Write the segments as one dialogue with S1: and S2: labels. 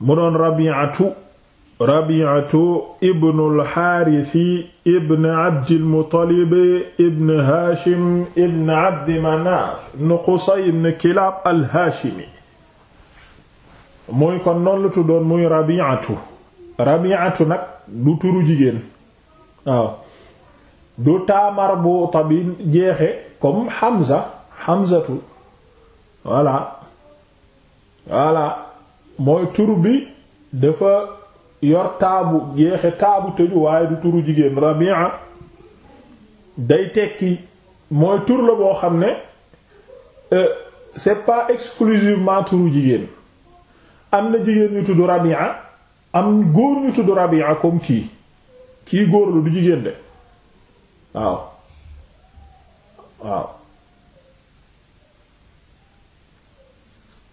S1: mu doon rabiatu rabiatu ibnu alxaarisi ibn abdilmutalib ibn haashim ibn abdi manaaf ibn qusay ibn kilaab alhaashimi muy kon noonu la muy rabiatu rabiatu nag du turu jigéen du taamar bu tabi jeexe comme Hamza Hamzatu voilà mooy tur bi dafa yor taabu jeexe taabu tëju waaye du turu jigéen Rabi'a day tekki mooy tur la boo xam ne euh, c'est pas exclusivement turu jigéen am na jigéen ñu tudd Rabi'a am góor ñu tudd Rabi'a comme kii kii góor la du jigéen de waaw waaw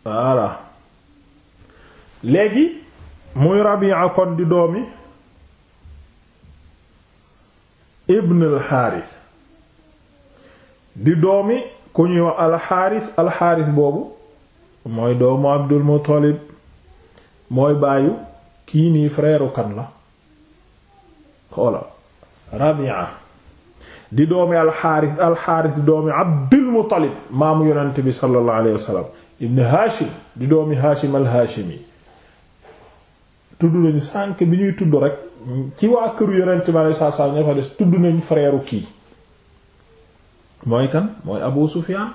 S1: voilà léegi muy Rabi'a kon di doomi ibn alxaaris di doomi ku ñuy wax alxaaris alxaaris boobu mooy doomu Abdul Muttalib mooy baayu kii nii frère kan la xoola Rabi'a di doomi alxaaris alxaaris di doomi Abdul Muttalib maamu yonent bi sallallahu alayhi wa ibn Haashim di doomi Haashim alhaashimi tudd nañu sànk bi ñuy tudd rek ci waa këru yonent bi alayhi salaatu salaam ña fa des tudd nañu frère kii mooy kan mooy Abu Sufyan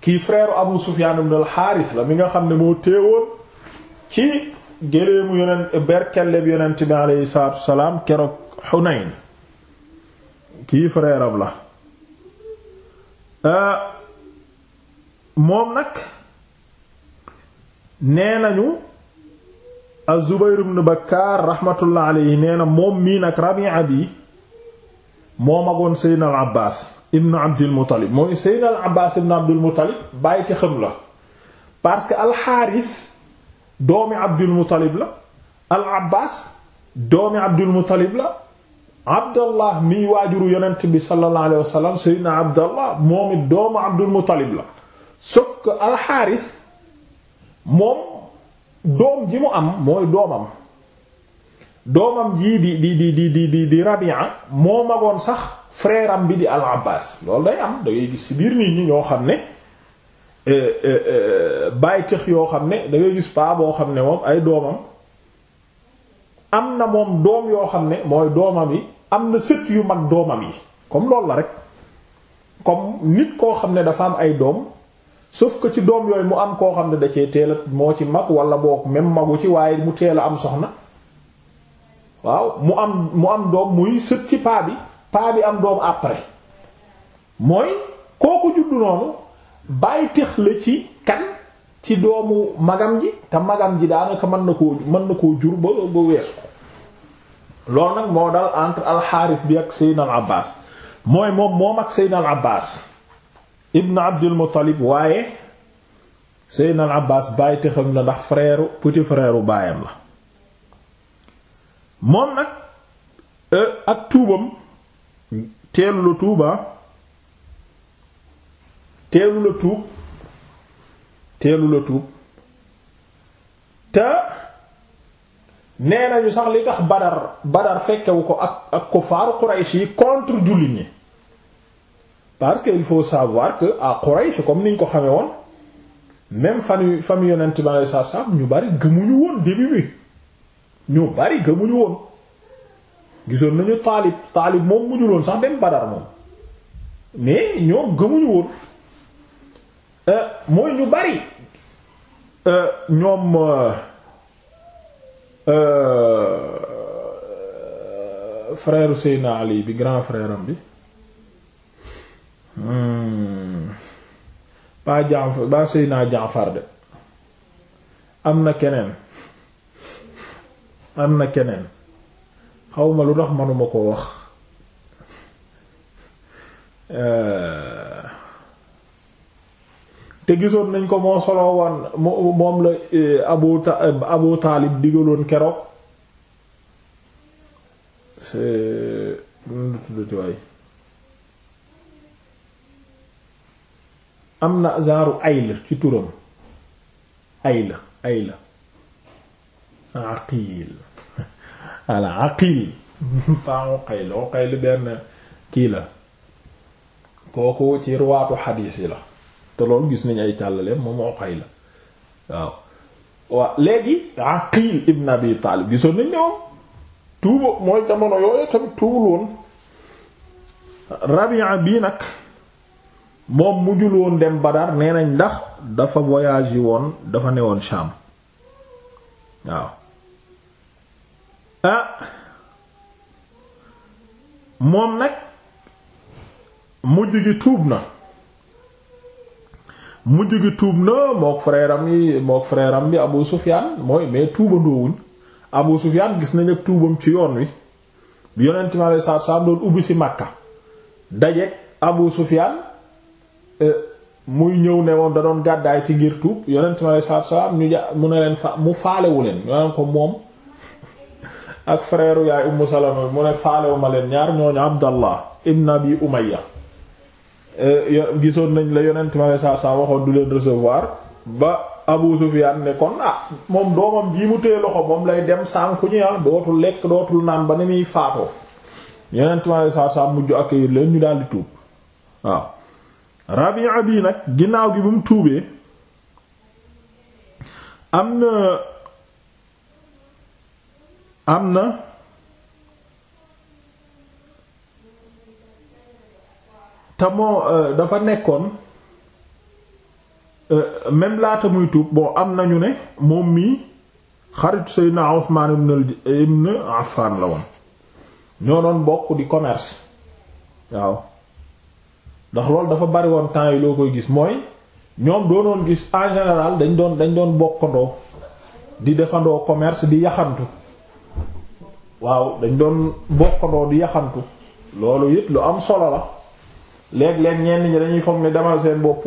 S1: kii frère Abu Sufyan ibn al-Harith la mi nga xam ne moo teewoon ci géléemu yonent berkelle yonent bi alayhi salaam keroog Hunayn kii frère la euh, moom nag nee nañu az-Zubayr ibn Bakkaar rahmatullah alayhi nee na moom mii nag Rabi'a bi moo magoon Seydina al Abbaas ibn Abdul Muttalib mooy Seydina al Abbaas ibn Abdul Muttalib bàyyi te xam la parce que alxaaris doomi Abdul Muttalib la al Abbaas doomi Abdul Muttalib la Abdallah miy waajuru yonent bi sallallahu alayhi wa sallam Seydina Abdallah moom it doomu Abdul Muttalib la sauf que alxaaris moom. doom ji mu am mooy doomam doomam jii di di di di di di di Rabi'a moo magoon sax frère bi di al-Abbas loolu day am da ngay gis ci biir nit ñi ñoo xam ne euh, euh, euh, bàyyi tëx yoo xam ne dangay gis paa xam ne moom ay doomam am na moom doom yoo xam ne mooy doomam yi am na sët yu mag doomam yi comme loolu la rek comme nit koo xam ne dafa am ay doom sauf ko ci doom yooyu mu am koo xam ne da cee teel moo ci mag wala boog même magu ci waaye mu teel a am soxna waaw mu am mu am doom muy sët ci paa bi paa bi am doom après mooy kooku juddu noonu bàyyi tex la ci kan ci doomu magam ji te magam ji daanaka mën na koo mën na koo jur ba ba weesu ko loolu nag moo dal entre alxaaris bi ak Seydina Al Abbas mooy moom moom ak Seydina Al ibn abdul muttalib waaye seydna al abbaas baay tëxam la ndax frère petit frère baayam la moom nag euh, ak tuubam teelu la tuuba ah, teelu la tuub te nee nañu sax li tax badar badar fekkewu ko ak ak kuffaaru quraysh yi contre jullit ñi parce que il faut savoir que à Quraysh comme niñ ko xamee woon même famille famille yonent bi alayhi salaam ñu bari gëmuñu woon début bi ñu bari gëmuñu woon gisoon nañu taalib taalib moom mujjuloon sax dem Badar moom mais ñoom gëmuñu woon euh, mooy ñu bari euh, ñoom euh, frère Seyna Ali bi grand frère bi Hmm. ba Jaafar ba Seydina Jaafar de am na keneen am na keneen xawma lu tax manuma ko wax eh. te gisoon nañ ko moo soloo woon moom la eh, abu eh, abu taalib digaloon keroog c'est am na zaaru ayla ci turam ayla ayla aqiil ala kii la kooku ci la te loolu gis nañu ay càllale moom uqayl la waaw waa léegi aqiil ibn abi taalib gisoon nañ ñoom tuubu mooy jamono yooyu tamit tuubul woon rabia bii nag moom mujjul woon dem Badar nee nañ ndax dafa voyage woon dafa newoon Sham waaw ah moom nag mujj gi tuub na mujj gi tuub na mook frère am yi mook frère am bi Abu Sufyan mooy mais tuubandoowuñ Abu Sufyan gis nañ ak tuubam ci yoon wi bi yonent mi alayhi salaatu ubbi si Makka dajeek Abu Sufyan muy ñëw ne moom da doon gàddaay si ngir tuub yonent mi mu ne leen fa mu faalewu leen ñu ko moom ak frère yaay Ummu Salama mu leen ñaar ñooñu Abdallah ibn Abi Umayya eh, nañ la yonent mi du leen ba Abu Sufyaan ne kon ah moom mu téye loxo moom lay dem sànku ñu ah naan ba ni muy faatoo yonent mi alayhi ñu daal di tuub waaw. Rabi'a bii nag ginnaaw gi bu mu tuubee am na am na te euh, dafa nekkoon euh, même laata muy tuub bon am nañu ne moom mii xaritu Seydina Usmaan ibn Affaan la woon ñoo doon bokk di commerce waaw ndax loolu dafa bari woon temps yi loo koy gis mooy ñoom doonoon gis en général dañ doon dañ doon bokkandoo di defandoo commerce di yaxantu waaw dañ doon bokkandoo di yaxantu loolu it lu am solo la léeg-léeg ñenn ñi dañuy foog ne demal seen bopp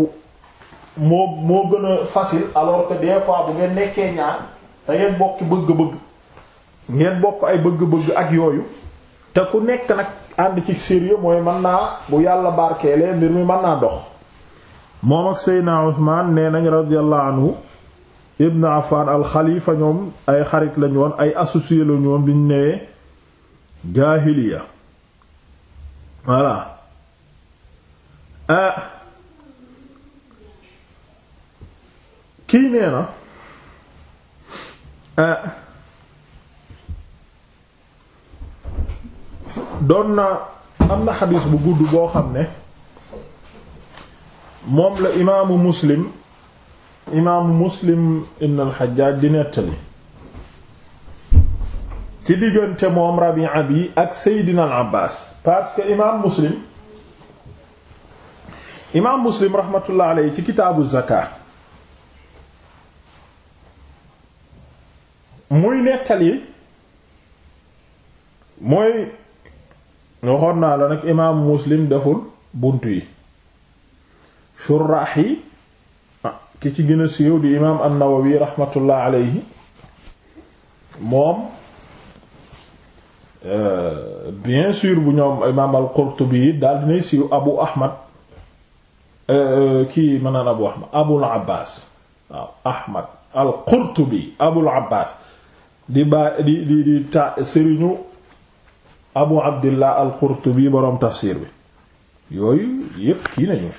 S1: moo moo gën a facile alors que des fois bu ngeen nekkee ñaar da ngeen bokki bëgg-bëgg ngeen bokk ay bëgg-bëgg ak yooyu te ku nekk nag ànd ci sérieux mooy mën naa bu yàlla barkeelee mbir mi mën naa dox moom ak Seydina Usmaan nee nañ radiyallahu anhu ibn Affan alxalifa ñoom ay xarit lañu woon ay associé lañu woon biñ newee jaahiliya voilà ah. kii nee na ah. doon na am na xadis bu gudd boo xam ne moom la imaamu muslim imaamu muslim ibn al-Hajjaj di nettali ci diggante moom Rabi'a bi ak Seydina al-Abbas parce que imaam muslim imaam muslim rahmatullah alayhi ci kitaabu zakat muy nettali mooy. waxoon naa la nag imaamu muslim deful bunt yi suraax ah, ki ci gën a siiw di imaam an-Nawawi raxmatullah moom euh, bien sur bu ñoom imaam al-Qurtubi yi daal dinay siiw Abu Ahmad euh, kii mën naan Abu Ahmad Abul Ahmad al-Qurtubi Abul Abbaas di baa di di di sëriñu abu abdillah al qurtubi boroom tafsir bi yooyu yépp kii nañu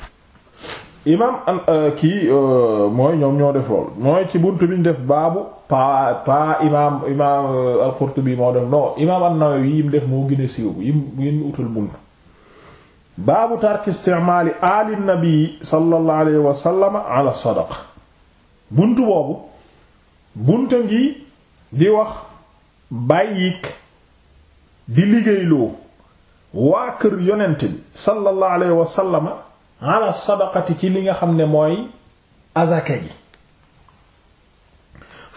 S1: imam euh, kii euh, mooy ñoom ñoo def lool mooy ci buntu bi ñu def baabu pa pa imam imam euh, al moo def non imam an-nawawi yim def moo gën a siiw yim yim utal buntu baabu tark istimaali ali nabi sallallahu alayhi ala sadaqa buntu boobu bunta ngi di wax bàyyik di liggéeyloo waa kër yonent bi sallallahu alayhi wa ci li nga xam ne mooy azaka ji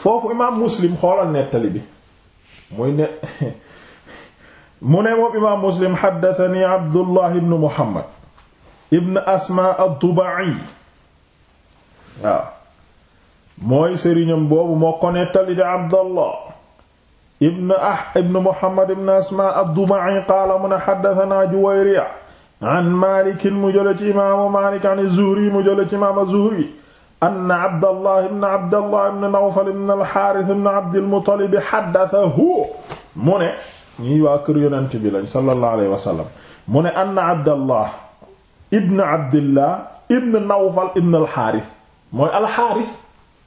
S1: foofu imaam muslim xoolal nettali bi muy ne mu ne moom imaam muslim xaddatani abdullah ibnu muhammad ibn asma ad mooy sëriñam boobu moo ko nettali di abdallah ibn ah ibn Muhammad ibn Asmaa ad-Duma'i qaala mu ne haddathanaa Juwayri' an Maalik mu jële ci imaamu Maalik an Zuhri mu jële ci imaamu Zuhri anna Abdallah ibn Abdallah ibn Nawfal ibn al-Haarith ibn Abdil Muttalib haddathahu mu ne ñii waa kër Yonent bi lañ sallallahu alayhi wa sallam mu ne anna Abdallah ibn Abdillah ibn Nawfal ibn al-Haarith mooy al-Haarith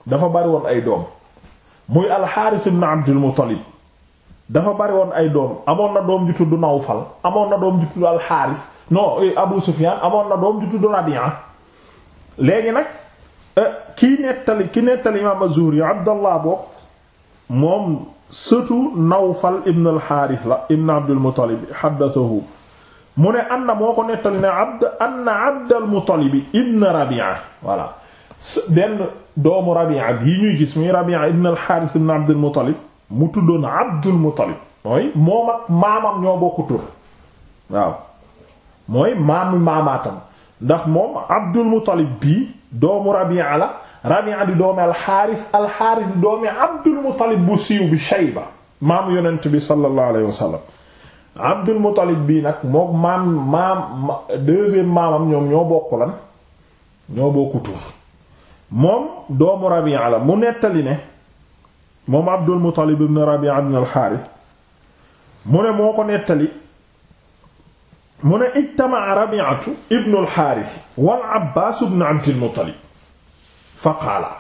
S1: dafa bari woon ay doom muy al-Haarith ibn Abdil Muttalib dafa bari woon ay doom amoon na doom ju tudd Nawfal amoon na doom ju tudd Alxaaris non euh, Abu Sufyaan amoon na doom ju tudd Rabi'a léegi nag euh, kii nettali ki nettali imaam Az-Zuhri Abdallah boobu moom sëtu Nawfal ibn al-Haaris la ibn Abdul Muttalib haddathahu mu ne anna moo ko nettali ne abd anna Abdul Muttalib ibn Rabi'a voilà benn doomu Rabi'a bii ñuy gis muy Rabi'a ibn al-Haaris ibn Abdul Muttalib mu tuddoon Abdul Muttalib mooy moom ak maamam ñoo bokk tur waaw mooy maami maamaatam ndax moom Abdul Muttalib bii doomu Rabi'a la Rabi'a di doomi alxaaris alxaaris di doomi Abdul Muttalib bu siiw bi Shayba maamu yonent bi sallallahu alayhi wa Abdul Muttalib bii nag mook maam maam deuxième maamam ñoom ñoo bokk lan ñoo bokk tur moom doomu Rabi'a la mu nettali ne moom Abdul Muttalib ibn Rabi'a ibn al-Harith mu ne moo ko nettali mu ne ijtama'a Rabi'atu ibn al-Harith wal Abbaas ibn Abdil Muttalib fa qaala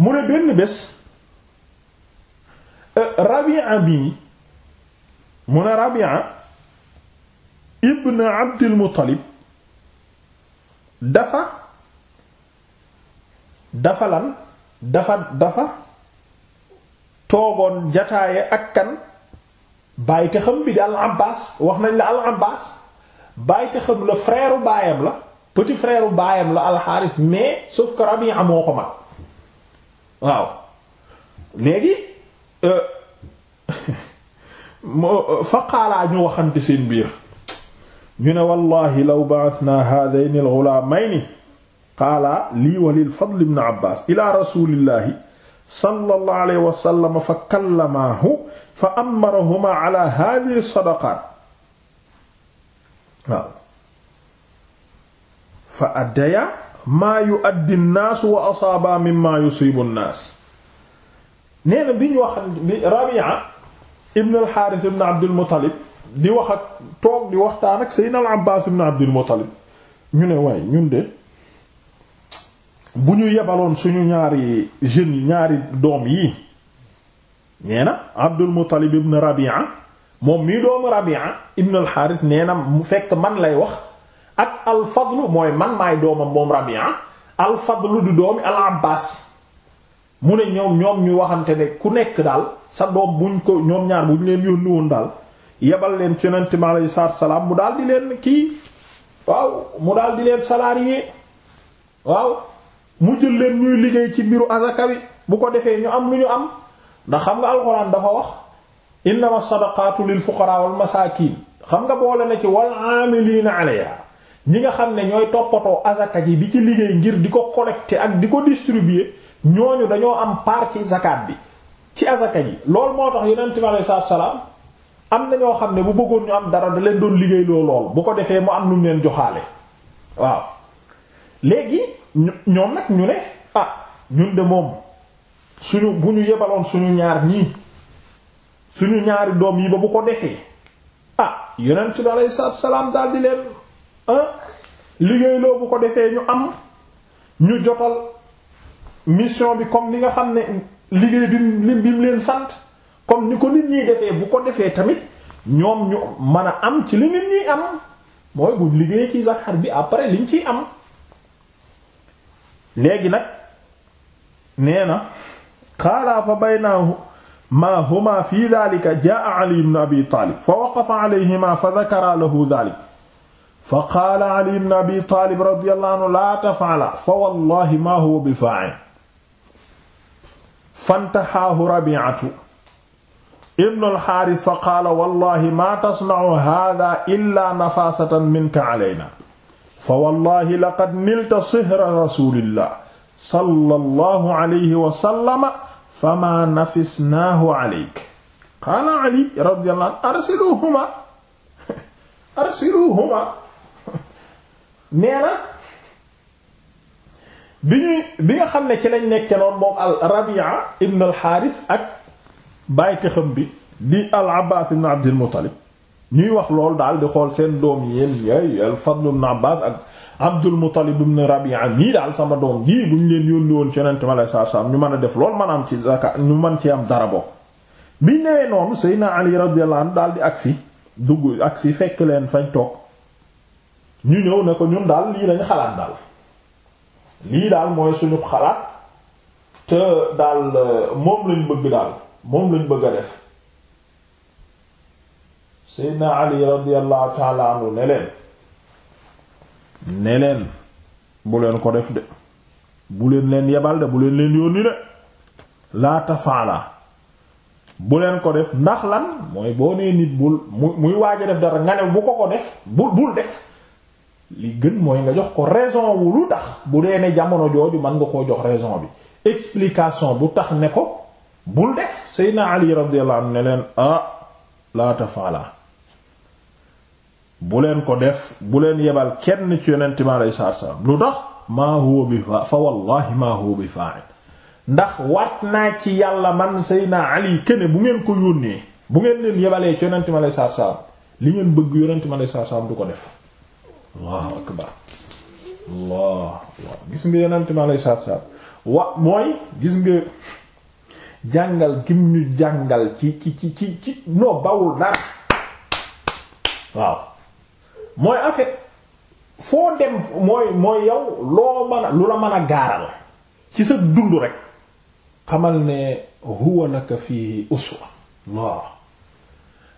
S1: mu ne benn bés euh, Rabi'a bi mu ne Rabi'a ibn Abdil Muttalib dafa dafa lan dafa dafa toogoon jataaye ak kan bàyyite xam bi di al Abbas wax nañ la al Abbas bàyyite xam la frère baayam la petit frère baayam la al Harith mais sauf que Rabi'a moo ko mag waaw léegi euh, euh, fa qaalaa ñu waxante seen biir ñu ne wallahi law ba'athna haadayni al-ghulaamayni qaala lii wa lil Fadl ibn Abbas ila rasulillahi sallallahu alayhi wa sallam fa kallamaahu fa amarahuma ala hadihi sadaqaat waaw fa addaya maa yuaddi nnaasu wa asaaba mimma yusiibu nnaas nee na bi ñu wax bi Rabia ibn al-Haaris ibn Abdul Muttalib di wax ak toog di waxtaan ak Seydina al-Abbaas ibn Abdul Muttalib ñu ne waaye ñun de bu ñu yebaloon suñu ñaari jeunes yi ñaari doom yi nee na Abdul Muttalib ibn Rabi'a moom mii doomu Rabi'a ibn al nee na mu fekk man lay wax ak al-Fadl mooy man maay doomam moom Rabi'a al-Fadl du doomi al-Abbas mu ne ñoom ñoom ñu waxante ne ku nekk daal sa doom buñ ko ñoom ñaar buñ leen yónni woon daal yebal leen ci Yonent mi alayhi salaam mu daal di leen kii waaw mu daal di leen salarié waaw. mu jël leen ñuy liggéey ci mbiru azaka bi bu ko defee ñu am lu ñu am ndax xam nga alxuraan dafa wax innama sadaqatu lil fuqara wal masakin xam nga boole na ci wal amilina alayha ñi nga xam ne ñooy toppatoo azaka ji bi ci liggéey ngir di ko collecter ak di ko distribuer ñooñu dañoo am part ci zakat bi ci azaka ji loolu moo tax yonent bi alayhi salaatu salaam am na ñoo xam ne bu bëggoon ñu am dara da leen doon liggéey loo lool bu ko defee mu am lu mu leen joxaale ñoom nag ñu ne ah ñun de moom suñu bu ñu yebaloon suñu ñaar ñii suñu ñaari doom yi ba bu ko defee ah yonent bi aleyhi salaatu salaam daal di leen ah liggéey loo bu ko defee ñu am ñu jotal mission bi comme li nga xam ne liggéey bi mu bi mu leen sant comme ni ko nit ñi defee bu ko defee tamit ñoom ñu mën a am ci li nit ñi am mooy buñ liggéey ci zakar bi après liñ ciy am. léegi nag nee na qaala fa bayna ma huma fi dhalika jaa ali ibn abi taalib fa waqafa alayhima fa dhakara lahu dhalik fa qaala ali ibn abi taalib radiyallahu anhu la taf'ala fa wallahi ma huwa bi faa'il fantahaahu rabi'atu ibn al-haaris fa qaala wallahi ma tasna'u haadha illa nafaasatan minka alayna fa wallahi laqad nilta sihra rasulillah sallallahu alayhi wa sallama fama nafisnaahu alayk qaala ali radiyallahu anhu arsiluhuma arsiluhuma nee na bi ñuy bi nga xam ne ci lañ nekke noon moom al rabia ibn al xaaris ak bàyyi xam bi di al abbaas ibn abdul muttalib ñuy wax loolu daal di xool seen doom yi yéen yooyu al Fadl ibn Abbas ak Abdul Muttalib ibn Rabi'a mii daal sama doom gii buñ leen yónni woon ci Yonent mi sallallahu alayhi ñu mën a def lool man a am ci zakat ñu mën ci am dara bokk biñ newee noonu Seydina Ali radiyallahu anhu daal di agsi dugg agsi fekk leen fañ toog ñu ñëw ne ko ñun daal lii lañ xalaat daal lii daal mooy suñu xalaat te daal moom lañ bëgg daal moom lañ bëgg a def seydna ali radiallahu taala anhu ne leen ne leen bu leen ko def de bu leen leen yebal de bu leen leen yónni de laa tafaala bu leen ko def ndax lan mooy boo nee nit bul mu muy waaj a def dara nga ne bu ko ko def bu bul def li gën mooy nga jox ko raison wu lu tax bu dee ne jamono jooju mën nga koo jox raison bi explication bu tax ne ko bul def seydna ali radiallahu anhu ne leen ah laa tafaala bu leen ko def bu leen yebal kenn ci yonent mi alayhi salaatu salaam lu tax maa huwa bi fa fa wallahi maa huwa bi fa'il ndax waat naa ci yàlla man Seydina Ali kene bu ngeen ko yónnee bu ngeen leen yebalee ci yonent mi alayhi salaatu salaam li ngeen bëgg yonent mi alayhi salaatu salaam du ko def Allahu gis nga wa mooy gis nga jàngal gim ñu jàngal ci ci ci ci ci noo bawul dara waaw mooy en fait foo dem mooy mooy yow loo mën a lu la mën a gaaral ci sa dund rek xamal ne huwa laka fii uswa waaw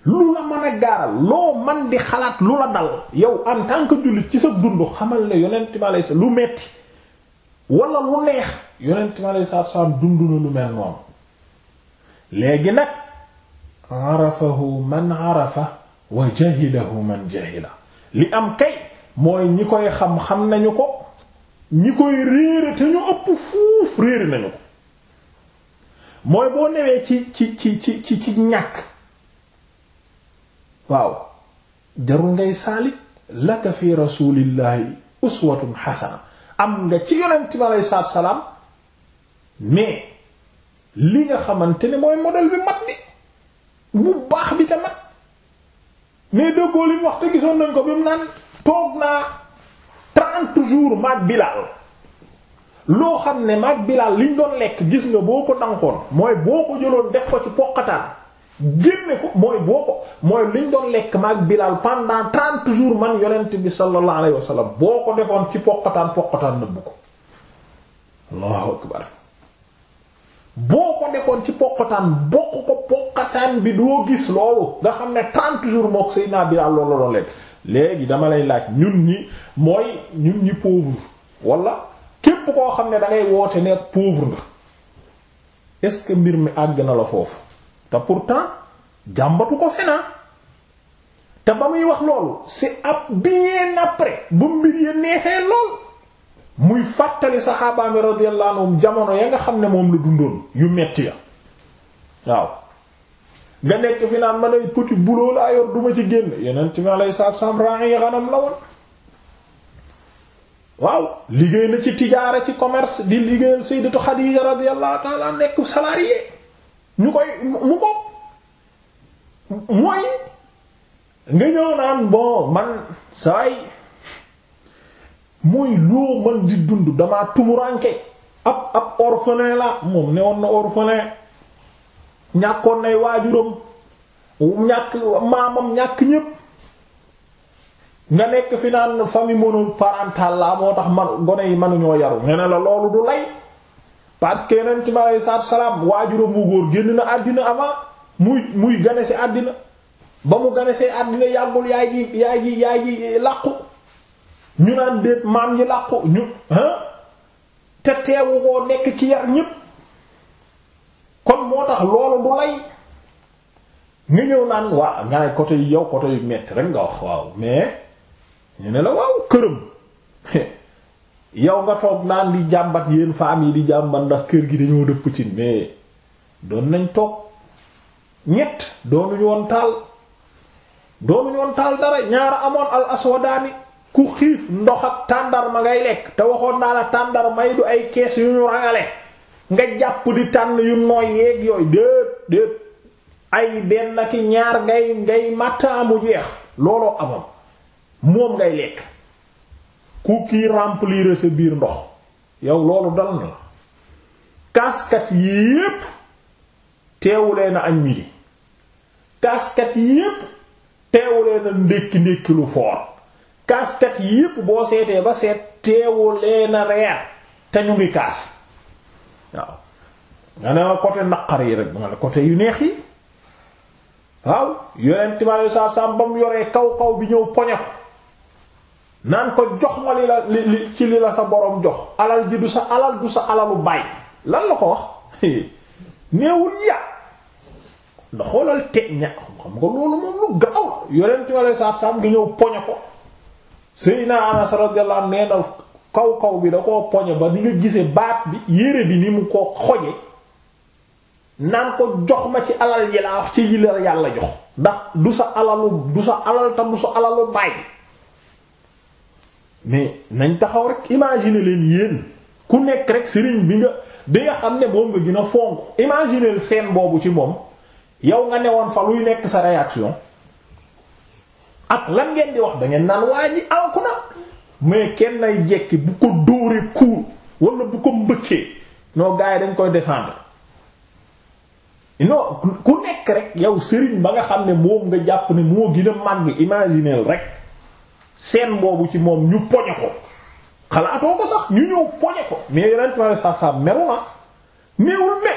S1: lu la mën a gaaral loo man di xalaat lu la dal yow en tant que jullit ci sa dund xamal ne yonent bi lu metti wala lu neex yonent bi alayhi salaatu salaam na lu mel noonu léegi nag arafahu man arafa wa jahilahu man jahila li am kay mooy ñi koy xam xam nañu ko ñi koy réere te ñu ëpp fuuf réere nañu ko mooy boo newee ci ci ci ci ci ci ñàkk waaw jarul ngay saali lakk fi rasulillahi uswatun xasana am nga ci yonent bi aleyi salaam mais li nga xamante ni mooy modèle bi mat bi bu baax bi te mat mais dëggoo li mu wax te gisoon nañ ko bi mu naan toog naa trente jours maag Bilaal loo xam ne maag Bilaal liñ doon lekk gis nga boo ko dankoon mooy boo ko jëloon def ko ci poqataan génne ko mooy boo ko mooy liñ doon lekk maag Bilaal pendant trente jours man yonent bi sallallahu alayhi wa boo ko defoon ci poqataan poqataan nëbb ko allahu akbar boo ko defoon ci poqataan bokk ko poqataan bi doo gis loolu nga xam ne 30 jours mook Seydina Bilaal loolu la doon lekk léegi dama lay laaj ñun ñi mooy ñun ñi pauvre wala képp koo xam ne da ngay woote ne pauvre nga est-ce que mbir mi àgg na la foofu te pourtant jàmbatu ko fena te ba muy wax loolu c'est ab bien après bu mbir ya neexee lool muy fàttali saxaabaami radiyallahu anhum jamono ya nga xam ne moom la dundoon yu metti ya waaw nga nekk fi naan man ay petit boulot duma ci génn yeneen ci ma lay saab saab ra'i ghanam la woon waaw liggéey na ci tijaara ci commerce di liggéeyal sayyidatu Xadiija radiyallahu ta'ala nekk salarié ñu koy mu ko mooy nga ñëw naan bon man saay mooy loo man di dund damaa tumuranke ab ab orphelin la moom ne woon na orphelin ñàkkoon nay waajuram ñàkk maamam ñàkk ñépp nga nekk finaan naan famille monoparentale la moo tax man gone yi mënuñoo yaru ne ne la loolu du lay parce que yeneen ci ma salaam waajuram wu góor génn na àddina avant muy muy gane si àddina ba mu gane àddina yàggul yaay ji yaay ji yaay ji làqu ñu naan déet maam yi làqu ñu te teewu koo nekk ci yar ñépp kon moo tax loolu du lay nga ñëw naan waa nga ne côté yi yow côté yu metti rek nga wax waaw mais ñu ne la waaw këram yow nga toog naan di jàmbat yéen femmes yi di jàmbat ndax kër gi dañoo dëpp ci mais doon nañ toog ñett doonuñu woon taal doonuñu woon taal dara ñaara amoon al aswadaani ku xiif ndox ak tàndarma ngay lekk te waxoon naa la tàndarmay du ay kees yu ñu rangale nga jàpp di tànn yu nooy yeeg yooyu déet déet ay benn ki ñaar ngay ngay màtta mu jeex looloo amam moom ngay lekk ku kii sa biir ndox yow loolu dal na la kaaskat yépp teewulee na añ midi kaaskat yépp teewulee na ndékki ndékki lu foor kaaskat yi yëpp boo seetee ba seet teewu leena reer te ñu ngi kaas waaw nga ne ma côté naqar yi rek ma ne côté yu neex yi waaw yonent ma mu yoree kaw kaw bi ñëw poñe ko ko jox ma li sa borom jox alal ji du sa alal du sa alalu baay lan la ko wax neewul ya da xoolal te ña xam nga loolu moom lu gaaw yonent ma ne saa saa ñëw poñe ko Seydina naa radiyallahu anhu nee kaw kaw bi da koo poñe ba di nga gise baat bi yére bi ni mu ko xoje naan ko jox ma ci alal yi laa wax ci yi la yàlla jox ndax du sa alalu du sa alal tam su sa alalu bàyyi mais nañ taxaw rek imagine leen yéen ku nekk rek sëriñ bi nga bi nga xam ne moom nga gën a fonk imaginer seen boobu ci moom yow nga ne woon fa luy nekk sa réaction ak lan ngeen di wax dangeen naan waa ji anku na mais kenn nay jekki bu ko dóoree kuur wala bu ko mbëkkee noo gars yi dañ koy descendre non ku nekk rek yow sëriñ ba nga xam ne moom nga jàpp ne moo gën a màgg imagineel rek seen boobu ci moom ñu poñe ko xalaatoo ko sax ñu ñëw poñe ko mais yonent sax sax meru na néewul me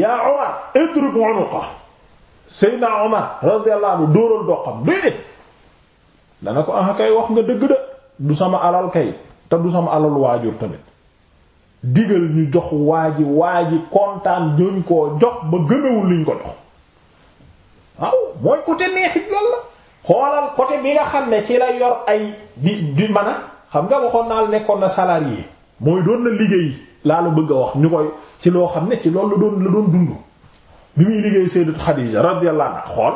S1: yaa Umar idrib unuqa Seydina Omar radiyallahu anhu dóoral doxam déedéet dana ko ah kay wax nga dëgg da du sama alal kay te du sama alal waajur tamit digal ñu jox waa ji waa ji kontaan duñ koo jox ba gëmewul liñ ko jox waaw mooy côté neexit lool la xoolal côté bi nga xam ne ci la yor ay bi di mën xam nga waxoon naa nekkoon na salarié mooy doon na liggéey laa la bëgg a wax ñu koy ci loo xam ne ci loolu la doon la doon dund. bi muy liggéey Sayyidatu Xadiija radiyallahu anha xool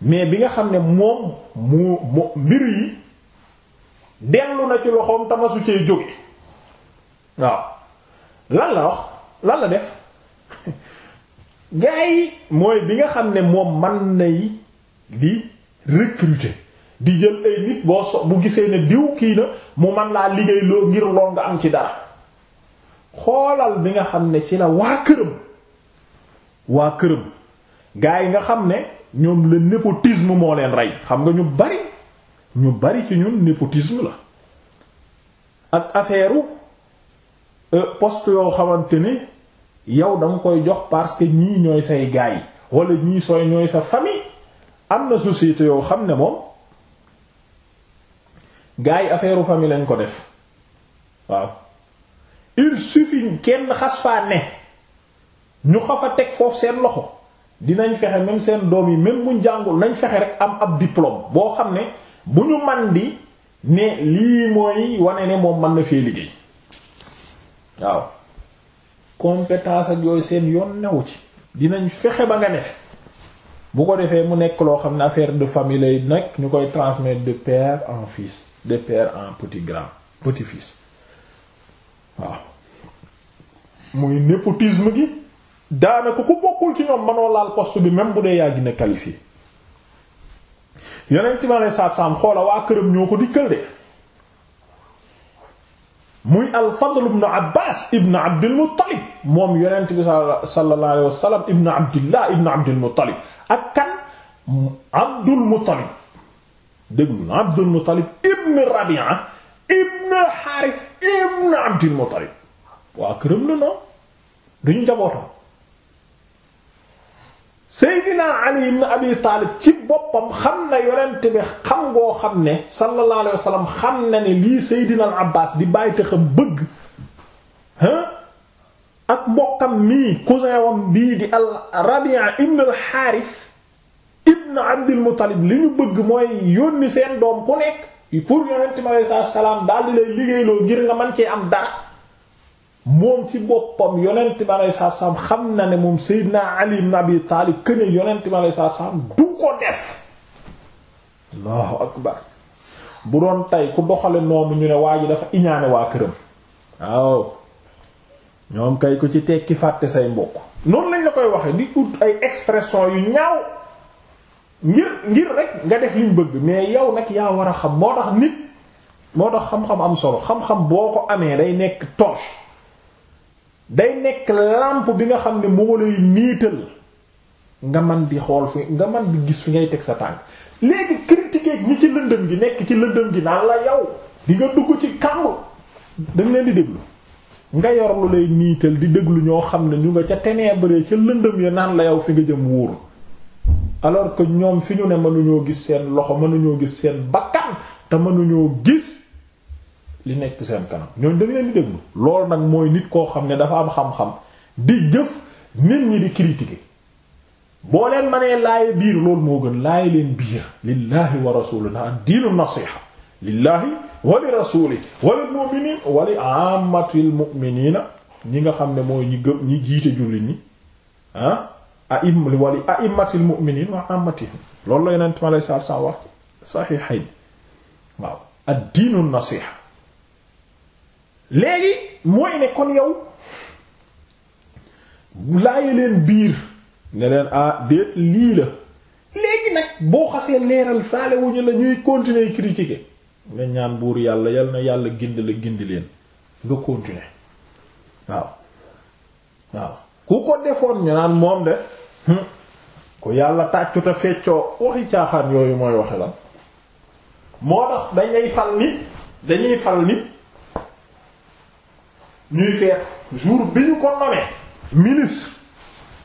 S1: mais bi nga xam ne moom mu mu mbir yi dellu na ci loxoom tamasu cee jóge waaw lan la wax lan la def gars yi mooy bi nga xam ne moom man nay di recruter di jël ay nit boo so bu gisee ne diw kii na mu man laa liggéey loo ngir lool nga am ci dara xoolal bi nga xam ne ci la waa këram waa këram gaa yi nga xam ne ñoom la népotisme moo leen rey xam nga ñu bari ñu bari ci ñun népotisme la ak affaire euh, poste yoo xamante ni yow da koy jox parce que ñii ñooy say gaa yi wala ñii sooy ñooy sa famille am na société yoo xam ne moom gaa yi affaire famille lañ ko def waaw il suffit kenn xas faa ne. ñu xa fa teg foofu seen loxo dinañ fexe même seen doom yi même buñ jàngul nañ fexe rek am ab diplôme boo xam ne bu ñu man di ne lii mooy wane ne moom man na fee liggéey waaw compétence ak yooyu seen yoon newu ci dinañ fexe ba nga ne fi bu ko defee mu nekk loo xam ne affaire de famille yi nekk ñu koy transmettre de père en fils de père en petit grand petit fils waaw muy népotisme gi daanaka ko bokkul ci ñoom mënoo laal poste bi même bu dee yaa gën a qualifié yeneen ci ma lay saam xoola waa këram ñoo ko dikkal de muy al-Fadl ibn Abbas ibn Abdul Muttalib moom yonent ak kan Abdul Muttalib déglu na Abdul Muttalib ibn Rabi'a ibn Harith ibn Abdul Muttalib waa këram la noonu duñu jabootam Seydina Ali ibn Abi Taalib ci boppam xam na yonent bi xam ngoo xam ne sallallahu alayhi xam na ni lii Seydina Abbaas di bàyyi te xam bëgg ak mbokkam mii cousin bii di al Rabi'a ibn al Haaris ibn Abdul Muttalib li ñu bëgg mooy yónni seen doom ku nekk pour yonent bi alayhi salaam daal di lay liggéeyloo ngir nga mën cee am dara moom ci boppam yonent bi aleyhi salaatu salaam xam na ne moom Seydina Ali ibn Abi Taalib këne yonent bi aleyhi salaatu salaam du ko def Allahu akbar bu doon tey ku doxale noonu ñu ne waa dafa iñaane waa këram waaw ñoom kay ku ci tekki fàtte say mbokk noonu lañ la koy waxe di ut ay expression yu ñaaw ngir ngir rek nga def liñ bëgg mais yow nag yaa war a xam moo tax nit moo tax xam-xam am solo xam-xam boo ko amee day nekk torche day nekk làmp bi nga xam ne moo lay niital nga man di xool fi nga man bi gis fi ngay teg sa tànk léegi critiquer ñi ci lëndëm gi nekk ci lëndëm gi naan la yow di nga dugg ci kàmb dañ leen di déglu nga yor lu lay niital di déglu ñoo xam ne ñu nga ca ténèbres ca lëndëm ya naan la yow fi nga jëm wóor alors ko ñoom fi ñu ne mënuñoo gis seen loxo mënuñoo gis seen bakkan te mënuñoo gis li nekk seen kanam ñooñ dañ leen déglu loolu nag mooy nit koo xam ne dafa am xam-xam di jëf nit ñi di critiquer boo leen mënee laaye biir loolu moo gën laaye leen biir lillahi wa rasuli ndax diinu nasiha lillahi wa li rasuli wa lil mu'minin wa li ammatil mu'minina ñi nga xam ne mooy ñi gëm ñi jiite jullit ñi ah aim wa li a'immatil loolu la yonent mi aleyhi salaatu salaam wax saxiixayn waaw ad diinu léegi mooy ne kon yow laaye leen biir ne leen ah déet lii la léegi nag boo xasee leeral faale wuñu la ñuy continuer critiquer nga ñaan buur yàlla yal na yàlla gindi la gindi leen nga continuer waaw waaw ku ko defoon ñu naan moom de hmm, ku yàlla tàccuta feccoo waxi caaxaan yooyu mooy waxe la moo tax dañuy fal nit dañuy fal nit ñuy feetu jour bi ñu ko nommé ministre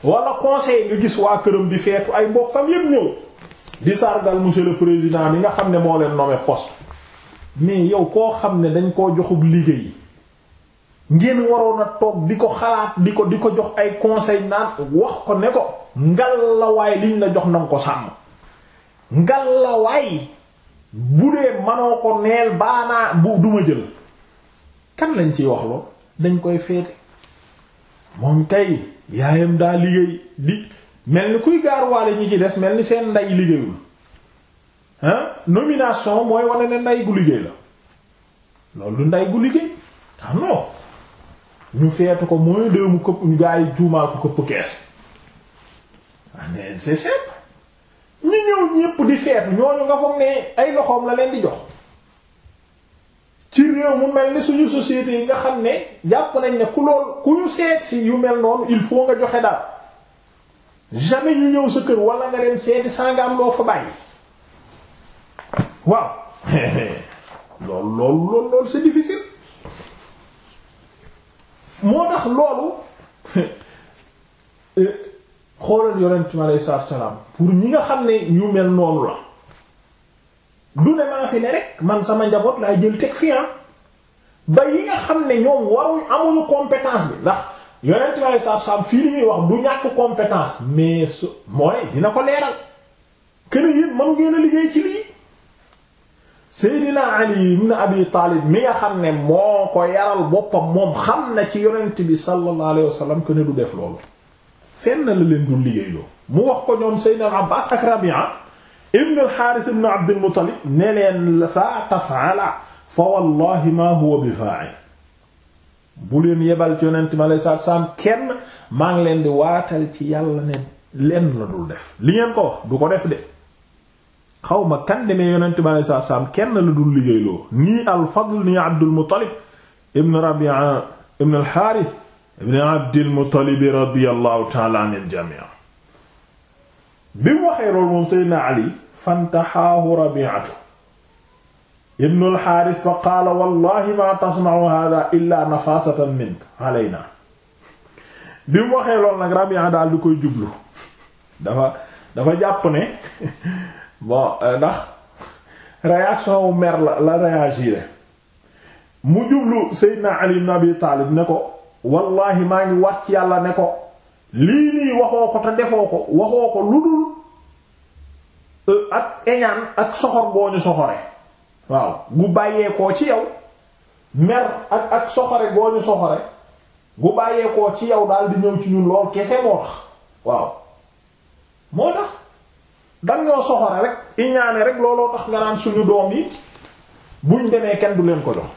S1: wala conseil nga gis waa këram di feetu ay mbokkam yépp ñëw di sargal monsieur le président bi nga xam ne moo leen nommé poste mais yow koo xam ne dañ koo joxub liggéey ngeen waroon a toog di ko xalaat di ko di ko jox ay conseil naan wax ko ne ko ngalawaay liñ la jox nanga ko sàmm ngalawaay bu dee manoo ko neel baanaa bu duma jël kan lañ ciy wax lool dañ koy feete moom kay yaayam daa liggéey di mel ni kuy gaarwaale ñi ci des mel ni seen nday liggéeyul hein nomination mooy wane ne nday gu liggéey la loolu nday gu liggéey ah non ñu feetu ko mooy déw këpp ñu gaa yi juumaa ko këpp kees aneen ah c'est simple ñi ñëw ñépp di feetu ñooñu nga foog ne ay loxoom la leen di jox ci mu mel ni suñu société yi nga xam ne jàpp nañ ne ku lool ku ñu seet si yu mel noonu il faut nga joxe dara jamais ñu ñëw sa kër wala nga dem seeti saa nga am loo fa bàyyi waaw loolu loolu loolu loolu c'est moo tax loolu euh, xoolal yonent mi aleyhi salaam pour ñi nga xam ne ñu mel noonu la du ne maa fi ne rek man sama njaboot laa jël teg fi ah. ba yi nga xam ne ñoom waruñ amuñu compétence bi ndax yonent bi alayhi salaatu salaam fii li muy wax du ñàkk compétence mais su mooy dina ko leeral kene yéen manu ngeen a liggéey ci lii Seydina Ali ibn Abi Taalib mi nga xam ne moo ko yaral boppam moom xam na ci yonent bi sallallahu alayhi wasallam que ne du def loolu fenn la leen dul liggéey loo mu wax ko ñoom Seydina Abbaas ak Rabia ibn al-Haaris ibn Abd al-Muttalib ne leen saa fa wallahi maa huwa bi faa'il bu leen yebal ci yonent mi alayhi salaatu salaam kenn ngi leen di waatal ci yàlla ne leen la dul def li ngeen ko du ko def de xaw ma kan demee yonent mi alayhi kenn la dul liggéeyloo nii al bi waxee loolu moom Ali fantaxaahu rabi'atu ibnu alxaaris fa qaala wallahi ma tasna'u hada illa nafasatan minka alayna bi mu waxee lool nag rabia daal di koy jublu dafa dafa jàpp ne bon euh, ndax réaction mu jublu Seydina Ali ibn Abi Taalib ne ko wallahi maa ngi wax yàlla ne ko lii nii waxoo ko te defoo ko waxoo ko lu dul Euh, ak eñaan ak soxor boo ñu soxore waaw gu bàyyeekoo ci yow mer ak ak soxore boo ñu soxore gu bàyyeekoo ci yow daal di ñëw ci ñun lool kese moo tax waaw moo tax dang ñoo soxore rek iñaane rek looloo tax nga naan suñu doom yi buñ demee kenn du leen ko jox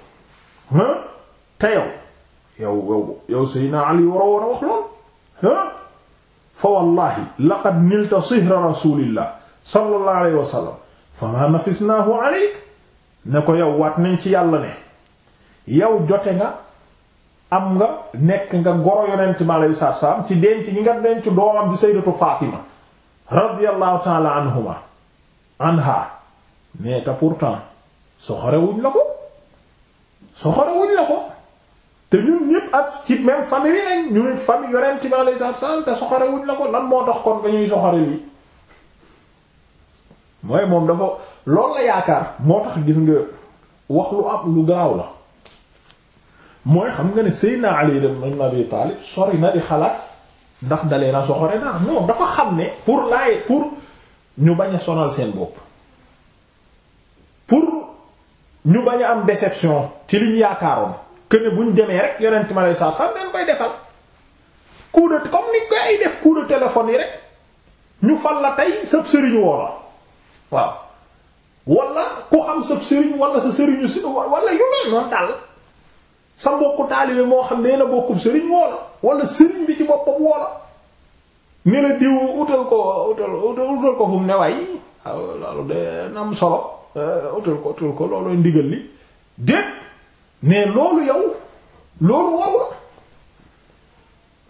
S1: hein te yow yow yow yow Seydina Ali war a woon a wax lool hein fa wallahi laqad nilta sihra rasulillah sallallahu alayhi wa sallam fama nafisnaahu aleyk ne ko yow waat nañ ci yàlla ne yow jote nga am nga nekk nga goro yonent ma aleyhi salaatu salaam ci denc gi nga denc doomam di sayyidatu Fatima radiyallahu ta'ala anhuma anha mais te pourtant soxorewuñ la ko soxorewuñ la ko te ñun ñépp ak ci même famille lañ ñu famille yonent mi aleyhi salaatu salaam te soxorewuñ la ko lan moo tax kon nga ñuy soxore lii mooy moom dafa loolu la yaakaar moo tax gis nga wax lu am lu gaaw la mooy xam nga ne Seydina Ali ibn Abi Talib sori na di xalaat ndax dalee na soxore na non dafa xam ne pour laay pour ñu bañ a sonal seen bopp pour ñu bañ a am déception ci liñ yaakaaroon que ne buñ demee rek yonent ma lay saa sax dañ koy defal coup comme ni koy def coup de yi rek ñu fal la tey sëb sëriñ woo la waaw wala ku xam sa sëriñ wala sa sëriñu si wala yu mel noonu daal sa mbokku taalibe moo xam ne na bokkub sëriñ woo la wala sëriñ bi ci boppam woo la ne diw utal ko utal utal ko fu mu ne loolu de na solo eh, utal ko utal ko loolooy ndigal li déet mais loolu yow loolu wow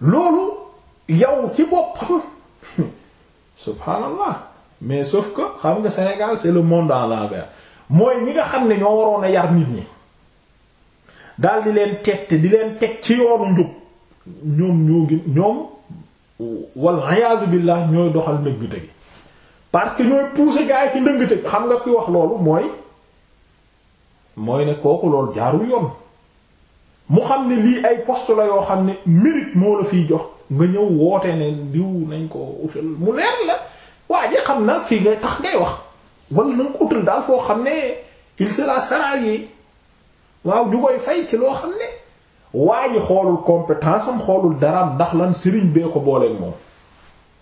S1: loolu yow ci boppam subhaanallah mais sauf que xam nga Sénégal c'est le monde à l'envers mooy ñi nga xam ne ñoo waroon a yar nit ñi daal leen teg te di leen teg ci yoonu njub ñoom ñoo gi ñoom wal iyaadu billah ñooy doxal ndëngte gi parce que ñooy pousser gars ci ndëngte xam nga ki wax loolu mooy mooy ne kooku loolu jaarul yoon mu xam ne lii ay post la yoo xam ne mérite moo la fiy jox nga ñëw woote ne diw nañ ko utal mu leer la waa ji xam na fii ngay tax ngay wax wala na nga utal daal foo xam ne il sera salarié waaw ñu koy fay ci loo xam ne waa xoolul compétence am xoolul daraam ndax lan sëriñ bee ko booleeg moom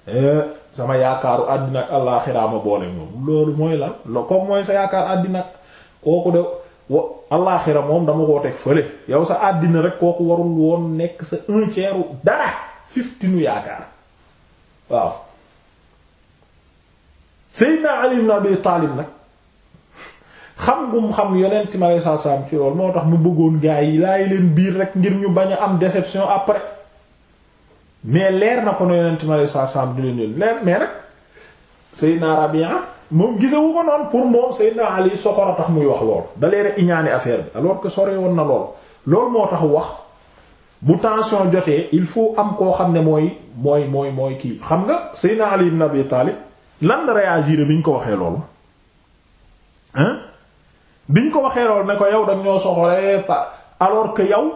S1: eh, sama yaakaaru àddina ak àllaaxira moom loolu mooy la lo comme mooy sa yaakaar àddina ak kooku de wa àllaaxira moom dama koo teg fële yow sa àddina rek kooku warul woon nekk sa un tiers dara fifty yaakaar waaw Seydina Ali ibn Abi Taalib nag xam gum xam yonent mi alayhi salaam ci loolu moo tax mu bëggoon gaa yi laay leen biir rek ngir ñu bañ a am déception après mais leer na ko ne yonent mi alayhi salaam di leen yónni leer mais nag Seydina Rabia moom gisewu ko noonu pour moom Seydina Ali soxor a tax muy wax lool da leen a iñaane affaire bi alors que sore woon na lool loolu moo tax wax bu tension jotee il faut am koo xam ne mooy mooy mooy mooy kii xam nga Seydina Ali ibn lan la réagir bi ñu ko waxee loolu hein bi ñu ko waxee loolu ne ko yow dañ ñoo soxoree alors que yow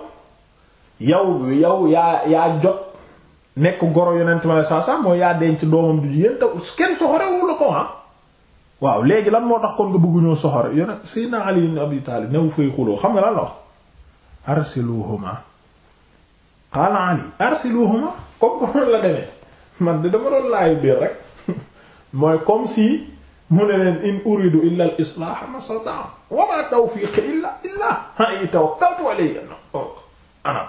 S1: yow yow yaa yaa jot nekk goro yonent ma la saa saa mooy yaa denc doomam du jigéen te kenn soxorewul la ko ah waaw léegi lan moo tax kon nga bëgguñoo soxore yonent Seydina Ali ibn Abi Talib new fay xuloo xam nga lan la wax arsiluhuma qaala Ali arsiluhuma comme ko la demee man de dama doon laayu biir rek mooy comme si mu ne leen in uridu illa al islaaha mastata'tu wa ma tawfiqi illa billah alayhi tawakkaltu alayhi oh, ana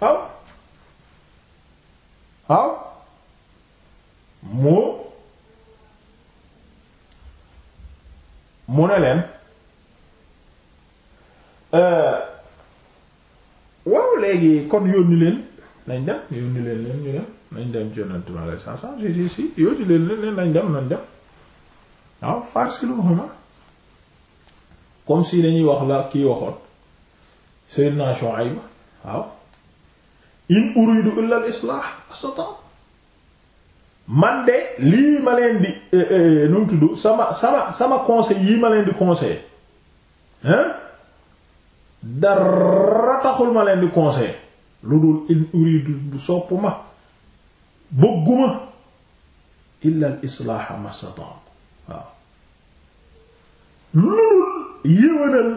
S1: waaw waaw mu mu ne leen euh, waaw léegi kon yónni leen nañ dem yónni leen leen nañ dem ci yonent saa alayhi salaam si si leen leen nañ dem nañ dem waaw farsiluhuma comme si dañuy wax la kiy waxoon Sayyidina Shuayb waaw in uridu illa al man de lii ma leen di eh, eh, nu mu tudd sama sama sama conseil yii ma leen di conseil hein dara taxul ma leen di conseil lu dul in uridu bu sopp ma bëgguma illa al islaaha mastata'tu waaw lu dul yéwénal